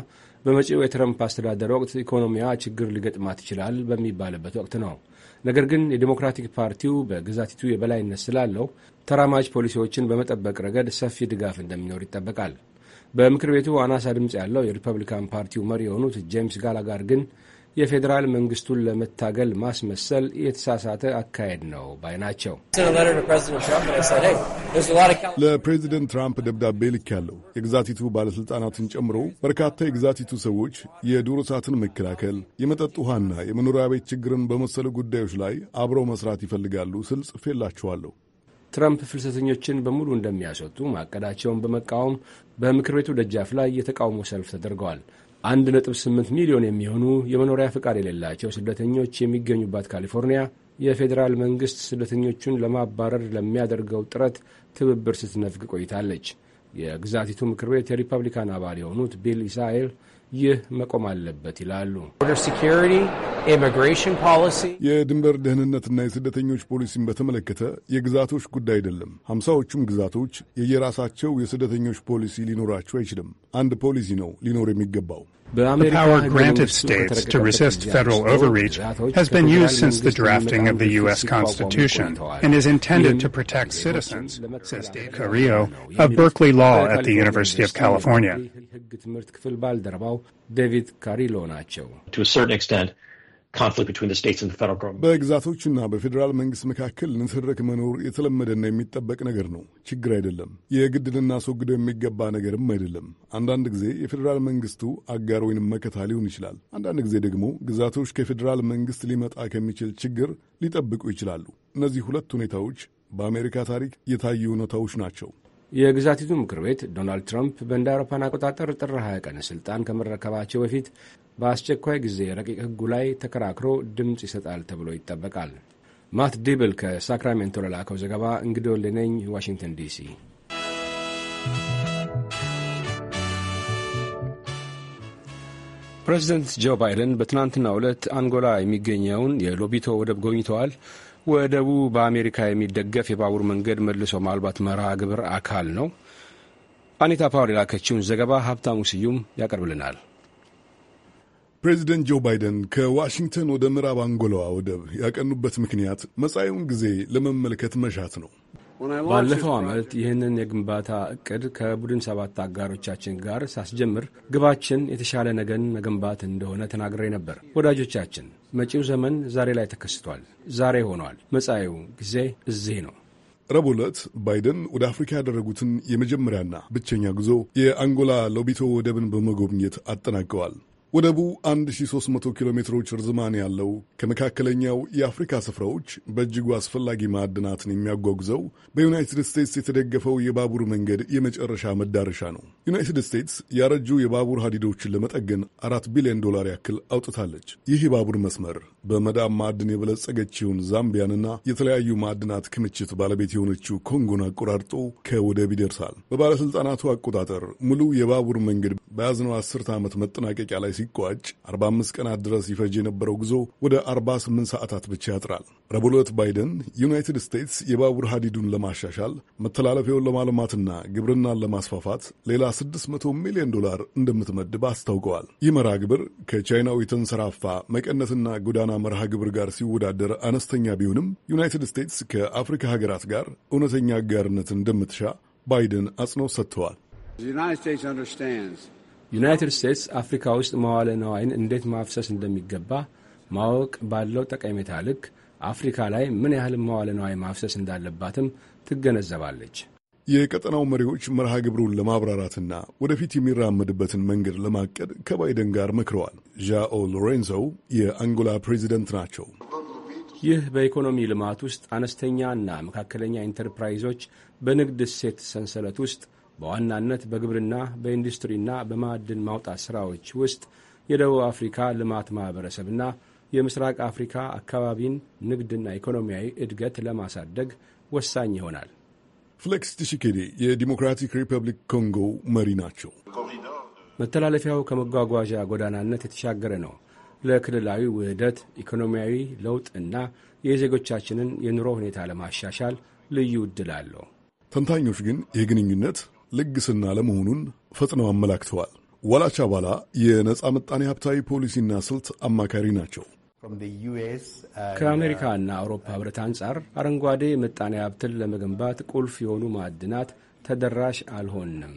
በመጪው የትረምፕ አስተዳደር ወቅት ኢኮኖሚያ ችግር ሊገጥማት ይችላል በሚባልበት ወቅት ነው። ነገር ግን የዴሞክራቲክ ፓርቲው በግዛቲቱ የበላይነት ስላለው ተራማጅ ፖሊሲዎችን በመጠበቅ ረገድ ሰፊ ድጋፍ እንደሚኖር ይጠበቃል። በምክር ቤቱ አናሳ ድምፅ ያለው የሪፐብሊካን ፓርቲው መሪ የሆኑት ጄምስ ጋላጋር ግን የፌዴራል መንግስቱን ለመታገል ማስመሰል የተሳሳተ አካሄድ ነው ባይ ናቸው። ለፕሬዚደንት ትራምፕ ደብዳቤ ልኬያለሁ። የግዛቲቱ ባለሥልጣናትን ጨምሮ በርካታ የግዛቲቱ ሰዎች የዱር እሳትን መከላከል፣ የመጠጥ ውሃና የመኖሪያ ቤት ችግርን በመሰሉ ጉዳዮች ላይ አብረው መስራት ይፈልጋሉ ስል ጽፌላችኋለሁ። ትራምፕ ፍልሰተኞችን በሙሉ እንደሚያስወጡ ማቀዳቸውን በመቃወም በምክር ቤቱ ደጃፍ ላይ የተቃውሞ ሰልፍ ተደርገዋል። 1.8 ሚሊዮን የሚሆኑ የመኖሪያ ፍቃድ የሌላቸው ስደተኞች የሚገኙባት ካሊፎርኒያ የፌዴራል መንግሥት ስደተኞቹን ለማባረር ለሚያደርገው ጥረት ትብብር ስትነፍግ ቆይታለች። የግዛቲቱ ምክር ቤት የሪፐብሊካን አባል የሆኑት ቢል ኢሳኤል ይህ መቆም አለበት ይላሉ። የድንበር ደህንነትና የስደተኞች ፖሊሲን በተመለከተ የግዛቶች ጉዳይ አይደለም። ሀምሳዎቹም ግዛቶች የየራሳቸው የስደተኞች ፖሊሲ ሊኖራቸው አይችልም። አንድ ፖሊሲ ነው ሊኖር የሚገባው። The power granted states to resist federal overreach has been used since the drafting of the U.S. Constitution and is intended to protect citizens, says Dave Carrillo of Berkeley Law at the University of California. To a certain extent, በግዛቶችና በፌዴራል መንግስት መካከል ንትርክ መኖር የተለመደና የሚጠበቅ ነገር ነው። ችግር አይደለም። የግድ ልናስወግደው የሚገባ ነገርም አይደለም። አንዳንድ ጊዜ የፌዴራል መንግስቱ አጋር ወይንም መከታ ሊሆን ይችላል። አንዳንድ ጊዜ ደግሞ ግዛቶች ከፌዴራል መንግስት ሊመጣ ከሚችል ችግር ሊጠብቁ ይችላሉ። እነዚህ ሁለት ሁኔታዎች በአሜሪካ ታሪክ የታዩ እውነታዎች ናቸው። የግዛቲቱ ምክር ቤት ዶናልድ ትራምፕ በእንደ አውሮፓን አቆጣጠር ጥር 20 ቀን ስልጣን ከመረከባቸው በፊት በአስቸኳይ ጊዜ ረቂቅ ሕጉ ላይ ተከራክሮ ድምፅ ይሰጣል ተብሎ ይጠበቃል። ማት ዲብል ከሳክራሜንቶ ለላከው ዘገባ እንግዲህ ወልነኝ ዋሽንግተን ዲሲ። ፕሬዚደንት ጆ ባይደን በትናንትናው ዕለት አንጎላ የሚገኘውን የሎቢቶ ወደብ ጎብኝተዋል። ወደቡ በአሜሪካ የሚደገፍ የባቡር መንገድ መልሶ ማልባት መርሃ ግብር አካል ነው። አኒታ ፓውል የላከችውን ዘገባ ሀብታሙ ስዩም ያቀርብልናል። ፕሬዚደንት ጆ ባይደን ከዋሽንግተን ወደ ምዕራብ አንጎላዋ ወደብ ያቀኑበት ምክንያት መጻኢውን ጊዜ ለመመልከት መሻት ነው። ባለፈው ዓመት ይህንን የግንባታ እቅድ ከቡድን ሰባት አጋሮቻችን ጋር ሳስጀምር ግባችን የተሻለ ነገን መገንባት እንደሆነ ተናግሬ ነበር። ወዳጆቻችን፣ መጪው ዘመን ዛሬ ላይ ተከስቷል። ዛሬ ሆኗል። መጻኢው ጊዜ እዚህ ነው። ረቡዕ ዕለት ባይደን ወደ አፍሪካ ያደረጉትን የመጀመሪያና ብቸኛ ጉዞ የአንጎላ ሎቢቶ ወደብን በመጎብኘት አጠናቀዋል። ወደቡ 1300 ኪሎ ሜትሮች ርዝማን ያለው ከመካከለኛው የአፍሪካ ስፍራዎች በእጅጉ አስፈላጊ ማዕድናትን የሚያጓጉዘው በዩናይትድ ስቴትስ የተደገፈው የባቡር መንገድ የመጨረሻ መዳረሻ ነው። ዩናይትድ ስቴትስ ያረጁ የባቡር ሀዲዶችን ለመጠገን አራት ቢሊዮን ዶላር ያክል አውጥታለች። ይህ የባቡር መስመር በመዳብ ማዕድን የበለጸገችውን ዛምቢያንና የተለያዩ ማዕድናት ክምችት ባለቤት የሆነችው ኮንጎን አቆራርጦ ከወደብ ይደርሳል። በባለሥልጣናቱ አቆጣጠር ሙሉ የባቡር መንገድ በያዝነው አስርተ ዓመት መጠናቀቂያ ላይ ሲቋጭ 45 ቀናት ድረስ ይፈጅ የነበረው ጉዞ ወደ 48 ሰዓታት ብቻ ያጥራል። ረቡዕ ዕለት ባይደን ዩናይትድ ስቴትስ የባቡር ሀዲዱን ለማሻሻል መተላለፊያውን ለማልማትና ግብርናን ለማስፋፋት ሌላ 600 ሚሊዮን ዶላር እንደምትመድብ አስታውቀዋል። ይህ መርሃ ግብር ከቻይናው የተንሰራፋ መቀነትና ጎዳና መርሃ ግብር ጋር ሲወዳደር አነስተኛ ቢሆንም ዩናይትድ ስቴትስ ከአፍሪካ ሀገራት ጋር እውነተኛ አጋርነት እንደምትሻ ባይደን አጽንኦት ሰጥተዋል። The United States understands ዩናይትድ ስቴትስ አፍሪካ ውስጥ መዋለ ነዋይን እንዴት ማፍሰስ እንደሚገባ ማወቅ ባለው ጠቀሜታ ልክ አፍሪካ ላይ ምን ያህል መዋለ ነዋይ ማፍሰስ እንዳለባትም ትገነዘባለች። የቀጠናው መሪዎች መርሃ ግብሩን ለማብራራትና ወደፊት የሚራመድበትን መንገድ ለማቀድ ከባይደን ጋር መክረዋል። ዣኦ ሎሬንዞ የአንጎላ ፕሬዚደንት ናቸው። ይህ በኢኮኖሚ ልማት ውስጥ አነስተኛና መካከለኛ ኢንተርፕራይዞች በንግድ እሴት ሰንሰለት ውስጥ በዋናነት በግብርና በኢንዱስትሪና በማዕድን ማውጣት ሥራዎች ውስጥ የደቡብ አፍሪካ ልማት ማኅበረሰብና የምስራቅ አፍሪካ አካባቢን ንግድና ኢኮኖሚያዊ እድገት ለማሳደግ ወሳኝ ይሆናል። ፍሌክስ ቲሺኬዴ የዲሞክራቲክ ሪፐብሊክ ኮንጎ መሪ ናቸው። መተላለፊያው ከመጓጓዣ ጎዳናነት የተሻገረ ነው። ለክልላዊ ውህደት፣ ኢኮኖሚያዊ ለውጥ እና የዜጎቻችንን የኑሮ ሁኔታ ለማሻሻል ልዩ ዕድል አለው። ተንታኞች ግን ይህ ግንኙነት ልግስና ለመሆኑን ፈጥነው አመላክተዋል። ዋላቻ አባላ የነጻ ምጣኔ ሀብታዊ ፖሊሲና ስልት አማካሪ ናቸው። uh, ከአሜሪካና አውሮፓ ህብረት አንጻር አረንጓዴ ምጣኔ ሀብትን ለመገንባት ቁልፍ የሆኑ ማዕድናት ተደራሽ አልሆንም።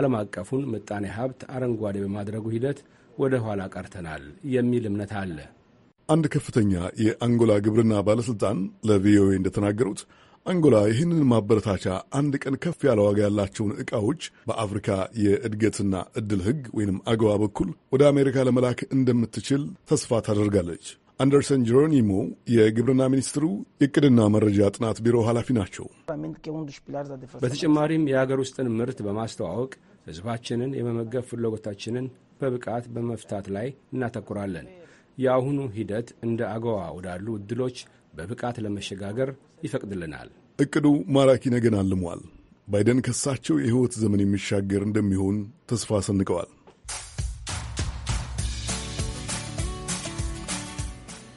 ዓለም አቀፉን ምጣኔ ሀብት አረንጓዴ በማድረጉ ሂደት ወደ ኋላ ቀርተናል የሚል እምነት አለ። አንድ ከፍተኛ የአንጎላ ግብርና ባለሥልጣን ለቪኦኤ እንደተናገሩት አንጎላ ይህንን ማበረታቻ አንድ ቀን ከፍ ያለ ዋጋ ያላቸውን ዕቃዎች በአፍሪካ የእድገትና እድል ሕግ ወይም አገዋ በኩል ወደ አሜሪካ ለመላክ እንደምትችል ተስፋ ታደርጋለች። አንደርሰን ጀሮኒሞ የግብርና ሚኒስትሩ የእቅድና መረጃ ጥናት ቢሮ ኃላፊ ናቸው። በተጨማሪም የሀገር ውስጥን ምርት በማስተዋወቅ ሕዝባችንን የመመገብ ፍላጎታችንን በብቃት በመፍታት ላይ እናተኩራለን። የአሁኑ ሂደት እንደ አገዋ ወዳሉ እድሎች በብቃት ለመሸጋገር ይፈቅድልናል። እቅዱ ማራኪ ነገን አልሟል። ባይደን ከሳቸው የህይወት ዘመን የሚሻገር እንደሚሆን ተስፋ ሰንቀዋል።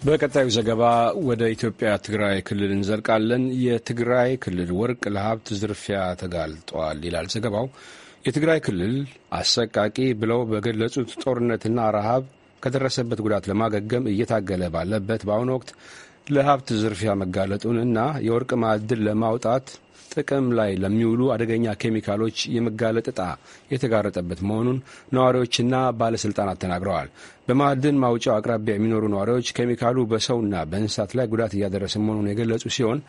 በቀጣዩ ዘገባ ወደ ኢትዮጵያ ትግራይ ክልል እንዘልቃለን። የትግራይ ክልል ወርቅ ለሀብት ዝርፊያ ተጋልጧል ይላል ዘገባው። የትግራይ ክልል አሰቃቂ ብለው በገለጹት ጦርነትና ረሃብ ከደረሰበት ጉዳት ለማገገም እየታገለ ባለበት በአሁኑ ወቅት ለሀብት ዝርፊያ መጋለጡን እና የወርቅ ማዕድን ለማውጣት ጥቅም ላይ ለሚውሉ አደገኛ ኬሚካሎች የመጋለጥ ዕጣ የተጋረጠበት መሆኑን ነዋሪዎችና ባለሥልጣናት ተናግረዋል። በማዕድን ማውጫው አቅራቢያ የሚኖሩ ነዋሪዎች ኬሚካሉ በሰውና በእንስሳት ላይ ጉዳት እያደረሰ መሆኑን የገለጹ ሲሆን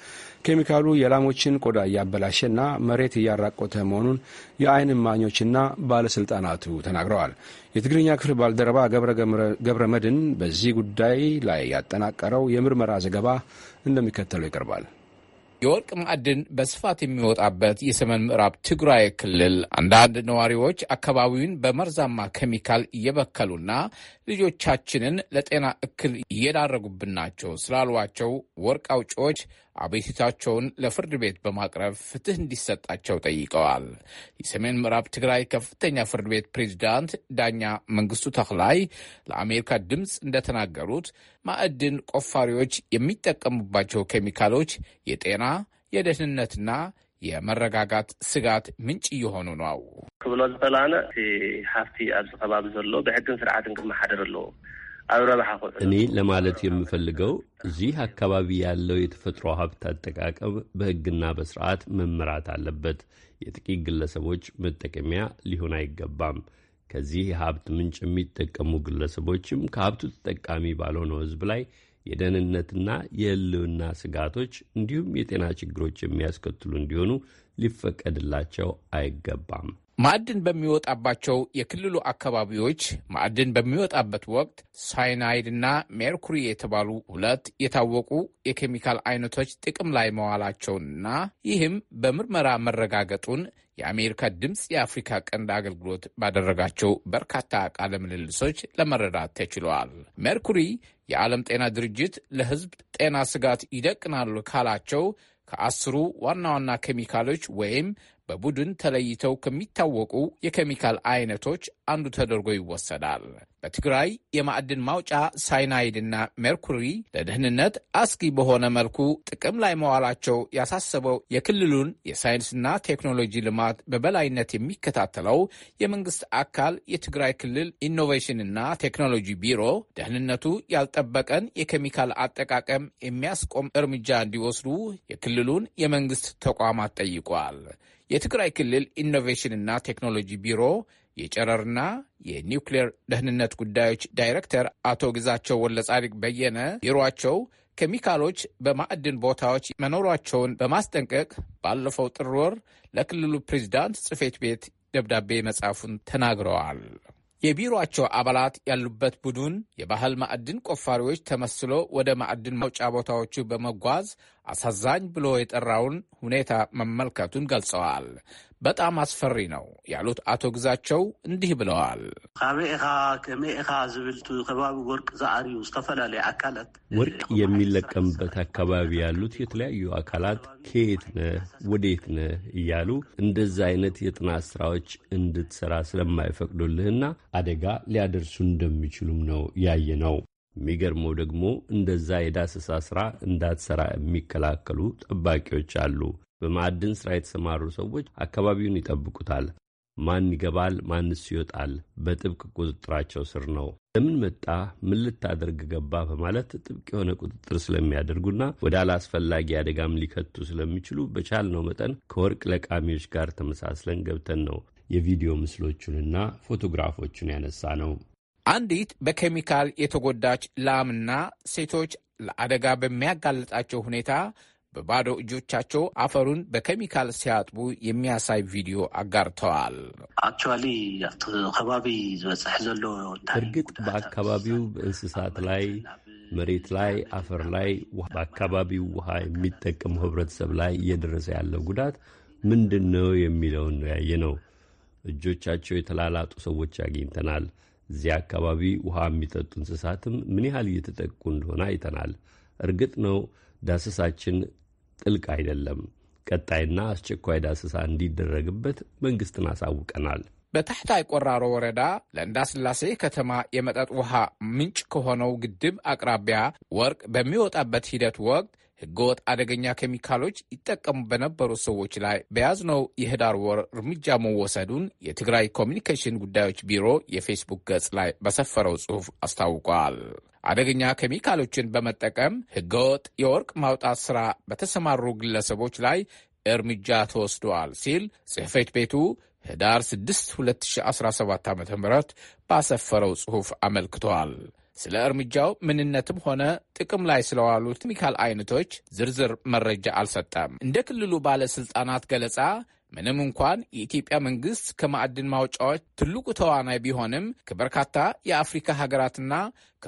ኬሚካሉ የላሞችን ቆዳ እያበላሸና መሬት እያራቆተ መሆኑን የዓይን እማኞችና ባለሥልጣናቱ ተናግረዋል። የትግርኛ ክፍል ባልደረባ ገብረ መድን በዚህ ጉዳይ ላይ ያጠናቀረው የምርመራ ዘገባ እንደሚከተለው ይቀርባል። የወርቅ ማዕድን በስፋት የሚወጣበት የሰሜን ምዕራብ ትግራይ ክልል አንዳንድ ነዋሪዎች አካባቢውን በመርዛማ ኬሚካል እየበከሉና ልጆቻችንን ለጤና እክል እየዳረጉብን ናቸው ስላሏቸው ወርቅ አውጪዎች አቤቱታቸውን ለፍርድ ቤት በማቅረብ ፍትህ እንዲሰጣቸው ጠይቀዋል። የሰሜን ምዕራብ ትግራይ ከፍተኛ ፍርድ ቤት ፕሬዚዳንት ዳኛ መንግስቱ ተክላይ ለአሜሪካ ድምፅ እንደተናገሩት ማዕድን ቆፋሪዎች የሚጠቀሙባቸው ኬሚካሎች የጤና የደህንነትና የመረጋጋት ስጋት ምንጭ እየሆኑ ነው ክብሎ ዝጠላነ እቲ ሃፍቲ ኣብዚ ከባቢ ዘሎ ብሕግን ስርዓትን ክመሓደር ኣለዎ እኔ ለማለት የምፈልገው እዚህ አካባቢ ያለው የተፈጥሮ ሀብት አጠቃቀም በሕግና በስርዓት መመራት አለበት። የጥቂት ግለሰቦች መጠቀሚያ ሊሆን አይገባም። ከዚህ የሀብት ምንጭ የሚጠቀሙ ግለሰቦችም ከሀብቱ ተጠቃሚ ባልሆነው ሕዝብ ላይ የደህንነትና የህልውና ስጋቶች እንዲሁም የጤና ችግሮች የሚያስከትሉ እንዲሆኑ ሊፈቀድላቸው አይገባም። ማዕድን በሚወጣባቸው የክልሉ አካባቢዎች ማዕድን በሚወጣበት ወቅት ሳይናይድ እና ሜርኩሪ የተባሉ ሁለት የታወቁ የኬሚካል አይነቶች ጥቅም ላይ መዋላቸውንና ይህም በምርመራ መረጋገጡን የአሜሪካ ድምፅ የአፍሪካ ቀንድ አገልግሎት ባደረጋቸው በርካታ ቃለ ምልልሶች ለመረዳት ተችሏል። ሜርኩሪ የዓለም ጤና ድርጅት ለሕዝብ ጤና ስጋት ይደቅናሉ ካላቸው ከአስሩ ዋና ዋና ኬሚካሎች ወይም በቡድን ተለይተው ከሚታወቁ የኬሚካል አይነቶች አንዱ ተደርጎ ይወሰዳል። በትግራይ የማዕድን ማውጫ ሳይናይድና ሜርኩሪ ለደህንነት አስጊ በሆነ መልኩ ጥቅም ላይ መዋላቸው ያሳሰበው የክልሉን የሳይንስና ቴክኖሎጂ ልማት በበላይነት የሚከታተለው የመንግስት አካል የትግራይ ክልል ኢኖቬሽንና ቴክኖሎጂ ቢሮ ደህንነቱ ያልጠበቀን የኬሚካል አጠቃቀም የሚያስቆም እርምጃ እንዲወስዱ የክልሉን የመንግስት ተቋማት ጠይቋል። የትግራይ ክልል ኢኖቬሽንና ቴክኖሎጂ ቢሮ የጨረርና የኒውክሌር ደህንነት ጉዳዮች ዳይሬክተር አቶ ግዛቸው ወለጻድቅ በየነ ቢሮቸው ኬሚካሎች በማዕድን ቦታዎች መኖሯቸውን በማስጠንቀቅ ባለፈው ጥር ወር ለክልሉ ፕሬዚዳንት ጽፌት ቤት ደብዳቤ መጻፉን ተናግረዋል። የቢሮቸው አባላት ያሉበት ቡድን የባህል ማዕድን ቆፋሪዎች ተመስሎ ወደ ማዕድን ማውጫ ቦታዎቹ በመጓዝ አሳዛኝ ብሎ የጠራውን ሁኔታ መመልከቱን ገልጸዋል። በጣም አስፈሪ ነው ያሉት አቶ ግዛቸው እንዲህ ብለዋል። ካበይ ኢኻ ከመይ ኢኻ ከባቢ ወርቅ ዛዕርዩ ዝተፈላለዩ አካላት ወርቅ የሚለቀምበት አካባቢ ያሉት የተለያዩ አካላት ከየት ነህ ወዴት ነህ እያሉ እንደዛ አይነት የጥናት ስራዎች እንድትሰራ ስለማይፈቅዱልህና አደጋ ሊያደርሱ እንደሚችሉም ነው ያየ ነው። የሚገርመው ደግሞ እንደዛ የዳሰሳ ስራ እንዳትሰራ የሚከላከሉ ጠባቂዎች አሉ። በማዕድን ስራ የተሰማሩ ሰዎች አካባቢውን ይጠብቁታል። ማን ይገባል፣ ማንስ ይወጣል በጥብቅ ቁጥጥራቸው ስር ነው። ለምን መጣ፣ ምን ልታደርግ ገባ በማለት ጥብቅ የሆነ ቁጥጥር ስለሚያደርጉና ወደ አላስፈላጊ አደጋም ሊከቱ ስለሚችሉ በቻልነው መጠን ከወርቅ ለቃሚዎች ጋር ተመሳስለን ገብተን ነው የቪዲዮ ምስሎቹንና ፎቶግራፎቹን ያነሳ ነው። አንዲት በኬሚካል የተጎዳች ላምና ሴቶች ለአደጋ በሚያጋልጣቸው ሁኔታ በባዶ እጆቻቸው አፈሩን በኬሚካል ሲያጥቡ የሚያሳይ ቪዲዮ አጋርተዋል። ከባቢ ዝበፅሕ ዘሎ እርግጥ በአካባቢው በእንስሳት ላይ መሬት ላይ አፈር ላይ በአካባቢው ውሃ የሚጠቀሙ ህብረተሰብ ላይ እየደረሰ ያለው ጉዳት ምንድን ነው የሚለውን ነው ያየ ነው። እጆቻቸው የተላላጡ ሰዎች አግኝተናል። እዚያ አካባቢ ውሃ የሚጠጡ እንስሳትም ምን ያህል እየተጠቁ እንደሆነ አይተናል። እርግጥ ነው ዳሰሳችን ጥልቅ አይደለም። ቀጣይና አስቸኳይ ዳሰሳ እንዲደረግበት መንግስትን አሳውቀናል። በታሕታይ አይቆራሮ ወረዳ ለእንዳስላሴ ከተማ የመጠጥ ውሃ ምንጭ ከሆነው ግድብ አቅራቢያ ወርቅ በሚወጣበት ሂደት ወቅት ህገወጥ አደገኛ ኬሚካሎች ይጠቀሙ በነበሩ ሰዎች ላይ በያዝነው የህዳር ወር እርምጃ መወሰዱን የትግራይ ኮሚኒኬሽን ጉዳዮች ቢሮ የፌስቡክ ገጽ ላይ በሰፈረው ጽሑፍ አስታውቋል። አደገኛ ኬሚካሎችን በመጠቀም ህገወጥ የወርቅ ማውጣት ሥራ በተሰማሩ ግለሰቦች ላይ እርምጃ ተወስደዋል ሲል ጽሕፈት ቤቱ ህዳር 6 2017 ዓ ም ባሰፈረው ጽሑፍ አመልክተዋል። ስለ እርምጃው ምንነትም ሆነ ጥቅም ላይ ስለዋሉ ኬሚካል አይነቶች ዝርዝር መረጃ አልሰጠም። እንደ ክልሉ ባለሥልጣናት ገለጻ ምንም እንኳን የኢትዮጵያ መንግሥት ከማዕድን ማውጫዎች ትልቁ ተዋናይ ቢሆንም ከበርካታ የአፍሪካ ሀገራትና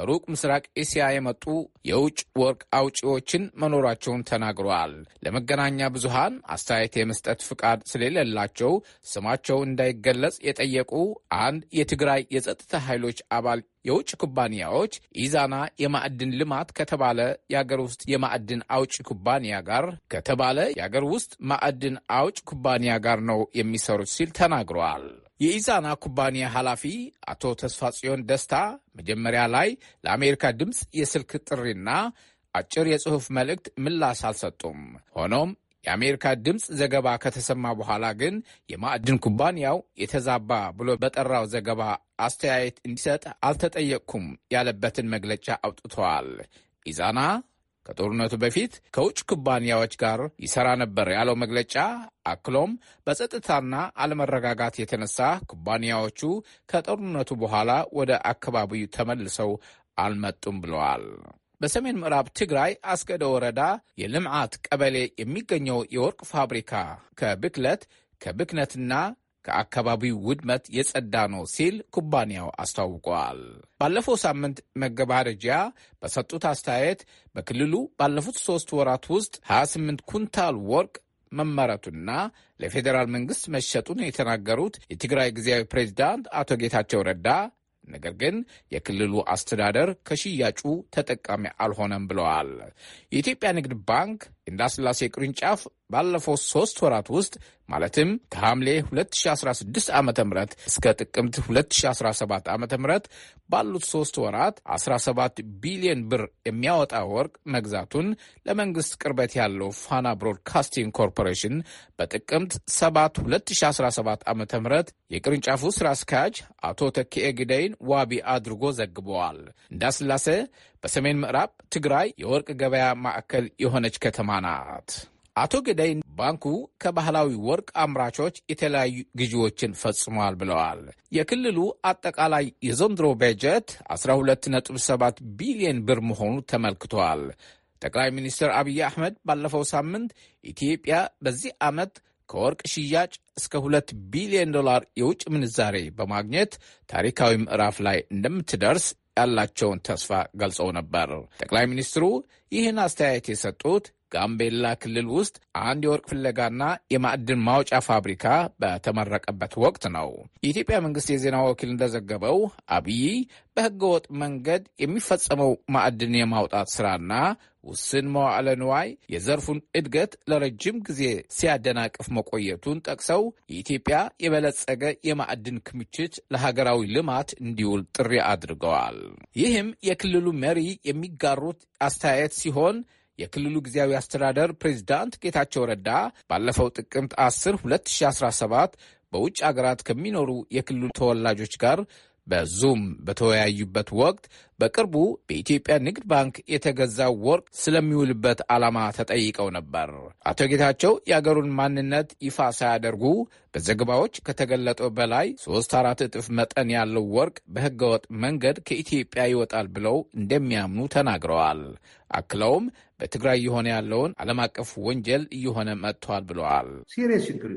ከሩቅ ምስራቅ ኤስያ የመጡ የውጭ ወርቅ አውጪዎችን መኖራቸውን ተናግረዋል። ለመገናኛ ብዙሃን አስተያየት የመስጠት ፍቃድ ስለሌላቸው ስማቸው እንዳይገለጽ የጠየቁ አንድ የትግራይ የጸጥታ ኃይሎች አባል የውጭ ኩባንያዎች ኢዛና የማዕድን ልማት ከተባለ የአገር ውስጥ የማዕድን አውጭ ኩባንያ ጋር ከተባለ የአገር ውስጥ ማዕድን አውጭ ኩባንያ ጋር ነው የሚሰሩት ሲል ተናግረዋል። የኢዛና ኩባንያ ኃላፊ አቶ ተስፋ ጽዮን ደስታ መጀመሪያ ላይ ለአሜሪካ ድምፅ የስልክ ጥሪና አጭር የጽሑፍ መልእክት ምላሽ አልሰጡም። ሆኖም የአሜሪካ ድምፅ ዘገባ ከተሰማ በኋላ ግን የማዕድን ኩባንያው የተዛባ ብሎ በጠራው ዘገባ አስተያየት እንዲሰጥ አልተጠየቅኩም ያለበትን መግለጫ አውጥተዋል። ኢዛና ከጦርነቱ በፊት ከውጭ ኩባንያዎች ጋር ይሰራ ነበር ያለው መግለጫ አክሎም በጸጥታና አለመረጋጋት የተነሳ ኩባንያዎቹ ከጦርነቱ በኋላ ወደ አካባቢው ተመልሰው አልመጡም ብለዋል። በሰሜን ምዕራብ ትግራይ አስገደ ወረዳ የልምዓት ቀበሌ የሚገኘው የወርቅ ፋብሪካ ከብክለት ከብክነትና ከአካባቢው ውድመት የጸዳ ነው ሲል ኩባንያው አስታውቋል። ባለፈው ሳምንት መገባደጃ በሰጡት አስተያየት በክልሉ ባለፉት ሶስት ወራት ውስጥ 28 ኩንታል ወርቅ መመረቱና ለፌዴራል መንግስት መሸጡን የተናገሩት የትግራይ ጊዜያዊ ፕሬዚዳንት አቶ ጌታቸው ረዳ ነገር ግን የክልሉ አስተዳደር ከሽያጩ ተጠቃሚ አልሆነም ብለዋል። የኢትዮጵያ ንግድ ባንክ እንዳስላሴ ቅርንጫፍ ባለፈው ሶስት ወራት ውስጥ ማለትም ከሐምሌ 2016 ዓ ም እስከ ጥቅምት 2017 ዓ ም ባሉት ሶስት ወራት 17 ቢሊዮን ብር የሚያወጣ ወርቅ መግዛቱን ለመንግስት ቅርበት ያለው ፋና ብሮድካስቲንግ ኮርፖሬሽን በጥቅምት 7 2017 ዓ ም የቅርንጫፉ ሥራ አስኪያጅ አቶ ተኪኤ ግደይን ዋቢ አድርጎ ዘግበዋል። እንዳስላሴ በሰሜን ምዕራብ ትግራይ የወርቅ ገበያ ማዕከል የሆነች ከተማ ናት። አቶ ገዳይ ባንኩ ከባህላዊ ወርቅ አምራቾች የተለያዩ ግዢዎችን ፈጽሟል ብለዋል። የክልሉ አጠቃላይ የዘንድሮ በጀት 127 ቢሊዮን ብር መሆኑ ተመልክቷል። ጠቅላይ ሚኒስትር አብይ አህመድ ባለፈው ሳምንት ኢትዮጵያ በዚህ ዓመት ከወርቅ ሽያጭ እስከ ሁለት ቢሊዮን ዶላር የውጭ ምንዛሬ በማግኘት ታሪካዊ ምዕራፍ ላይ እንደምትደርስ ያላቸውን ተስፋ ገልጸው ነበር። ጠቅላይ ሚኒስትሩ ይህን አስተያየት የሰጡት ጋምቤላ ክልል ውስጥ አንድ የወርቅ ፍለጋና የማዕድን ማውጫ ፋብሪካ በተመረቀበት ወቅት ነው። የኢትዮጵያ መንግስት የዜና ወኪል እንደዘገበው አብይ በህገወጥ መንገድ የሚፈጸመው ማዕድን የማውጣት ስራና ውስን መዋዕለ ንዋይ የዘርፉን እድገት ለረጅም ጊዜ ሲያደናቅፍ መቆየቱን ጠቅሰው የኢትዮጵያ የበለጸገ የማዕድን ክምችት ለሀገራዊ ልማት እንዲውል ጥሪ አድርገዋል። ይህም የክልሉ መሪ የሚጋሩት አስተያየት ሲሆን የክልሉ ጊዜያዊ አስተዳደር ፕሬዚዳንት ጌታቸው ረዳ ባለፈው ጥቅምት 10 2017 በውጭ አገራት ከሚኖሩ የክልሉ ተወላጆች ጋር በዙም በተወያዩበት ወቅት በቅርቡ በኢትዮጵያ ንግድ ባንክ የተገዛው ወርቅ ስለሚውልበት ዓላማ ተጠይቀው ነበር። አቶ ጌታቸው የአገሩን ማንነት ይፋ ሳያደርጉ በዘገባዎች ከተገለጠው በላይ ሶስት አራት እጥፍ መጠን ያለው ወርቅ በህገወጥ መንገድ ከኢትዮጵያ ይወጣል ብለው እንደሚያምኑ ተናግረዋል። አክለውም በትግራይ የሆነ ያለውን ዓለም አቀፍ ወንጀል እየሆነ መጥቷል ብለዋል። ሲሪየስ ችግር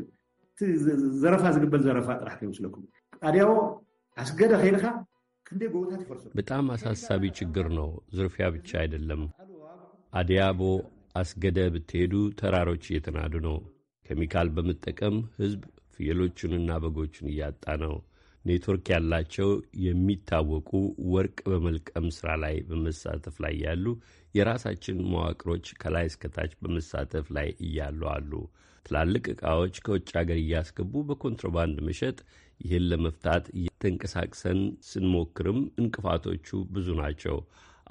ዘረፋ ዝግበል ዘረፋ ጥራሕ ይመስለኩም ታዲያው አስገዳ ኸይልካ ክንደይ ጎቦታት ይፈርሱ። በጣም አሳሳቢ ችግር ነው። ዝርፊያ ብቻ አይደለም። አዲያቦ አስገደ ብትሄዱ ተራሮች እየተናዱ ነው። ኬሚካል በመጠቀም ሕዝብ ፍየሎቹንና በጎቹን እያጣ ነው። ኔትወርክ ያላቸው የሚታወቁ ወርቅ በመልቀም ሥራ ላይ በመሳተፍ ላይ ያሉ የራሳችን መዋቅሮች ከላይ እስከታች በመሳተፍ ላይ እያሉ አሉ። ትላልቅ ዕቃዎች ከውጭ አገር እያስገቡ በኮንትሮባንድ መሸጥ ይህን ለመፍታት እየተንቀሳቅሰን ስንሞክርም እንቅፋቶቹ ብዙ ናቸው።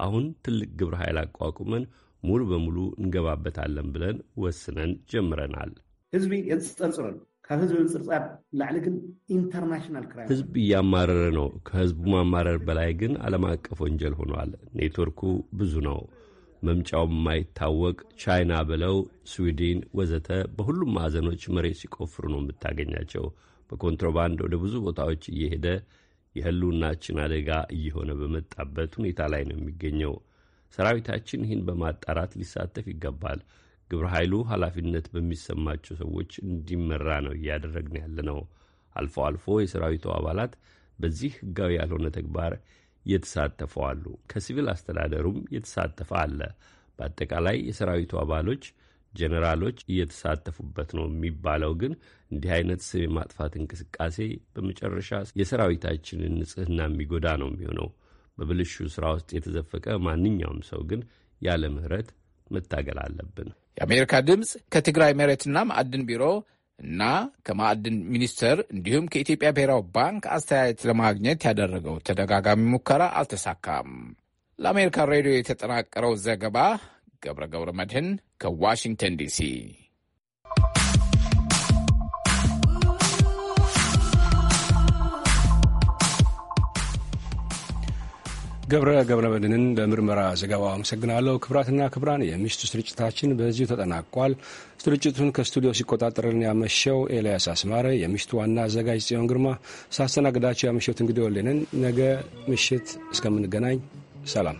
አሁን ትልቅ ግብረ ኃይል አቋቁመን ሙሉ በሙሉ እንገባበታለን ብለን ወስነን ጀምረናል። ህዝቢ የንፅፀርፅረን ካብ ህዝቢ ላዕሊ ግን ኢንተርናሽናል ክራይ ህዝብ እያማረረ ነው። ከህዝቡ ማማረር በላይ ግን ዓለም አቀፍ ወንጀል ሆኗል። ኔትወርኩ ብዙ ነው። መምጫው የማይታወቅ ቻይና ብለው ስዊድን፣ ወዘተ በሁሉም ማዕዘኖች መሬት ሲቆፍሩ ነው የምታገኛቸው። በኮንትሮባንድ ወደ ብዙ ቦታዎች እየሄደ የህልውናችን አደጋ እየሆነ በመጣበት ሁኔታ ላይ ነው የሚገኘው። ሰራዊታችን ይህን በማጣራት ሊሳተፍ ይገባል። ግብረ ኃይሉ ኃላፊነት በሚሰማቸው ሰዎች እንዲመራ ነው እያደረግን ያለ ነው። አልፎ አልፎ የሰራዊቱ አባላት በዚህ ህጋዊ ያልሆነ ተግባር የተሳተፈዋሉ፣ ከሲቪል አስተዳደሩም የተሳተፈ አለ። በአጠቃላይ የሰራዊቱ አባሎች ጄኔራሎች እየተሳተፉበት ነው የሚባለው ግን እንዲህ አይነት ስም የማጥፋት እንቅስቃሴ በመጨረሻ የሰራዊታችንን ንጽህና የሚጎዳ ነው የሚሆነው። በብልሹ ስራ ውስጥ የተዘፈቀ ማንኛውም ሰው ግን ያለ ምህረት መታገል አለብን። የአሜሪካ ድምፅ ከትግራይ መሬትና ማዕድን ቢሮ እና ከማዕድን ሚኒስቴር እንዲሁም ከኢትዮጵያ ብሔራዊ ባንክ አስተያየት ለማግኘት ያደረገው ተደጋጋሚ ሙከራ አልተሳካም። ለአሜሪካ ሬዲዮ የተጠናቀረው ዘገባ ገብረ ገብረ መድህን ከዋሽንግተን ዲሲ ገብረ ገብረ መድህንን ለምርመራ ዘገባው አመሰግናለሁ። ክብራትና ክብራን የምሽቱ ስርጭታችን በዚሁ ተጠናቋል። ስርጭቱን ከስቱዲዮ ሲቆጣጠርን ያመሸው ኤልያስ አስማረ፣ የምሽቱ ዋና አዘጋጅ ጽዮን ግርማ፣ ሳስተናግዳቸው ያመሸሁት እንግዲህ ወሌንን ነገ ምሽት እስከምንገናኝ ሰላም።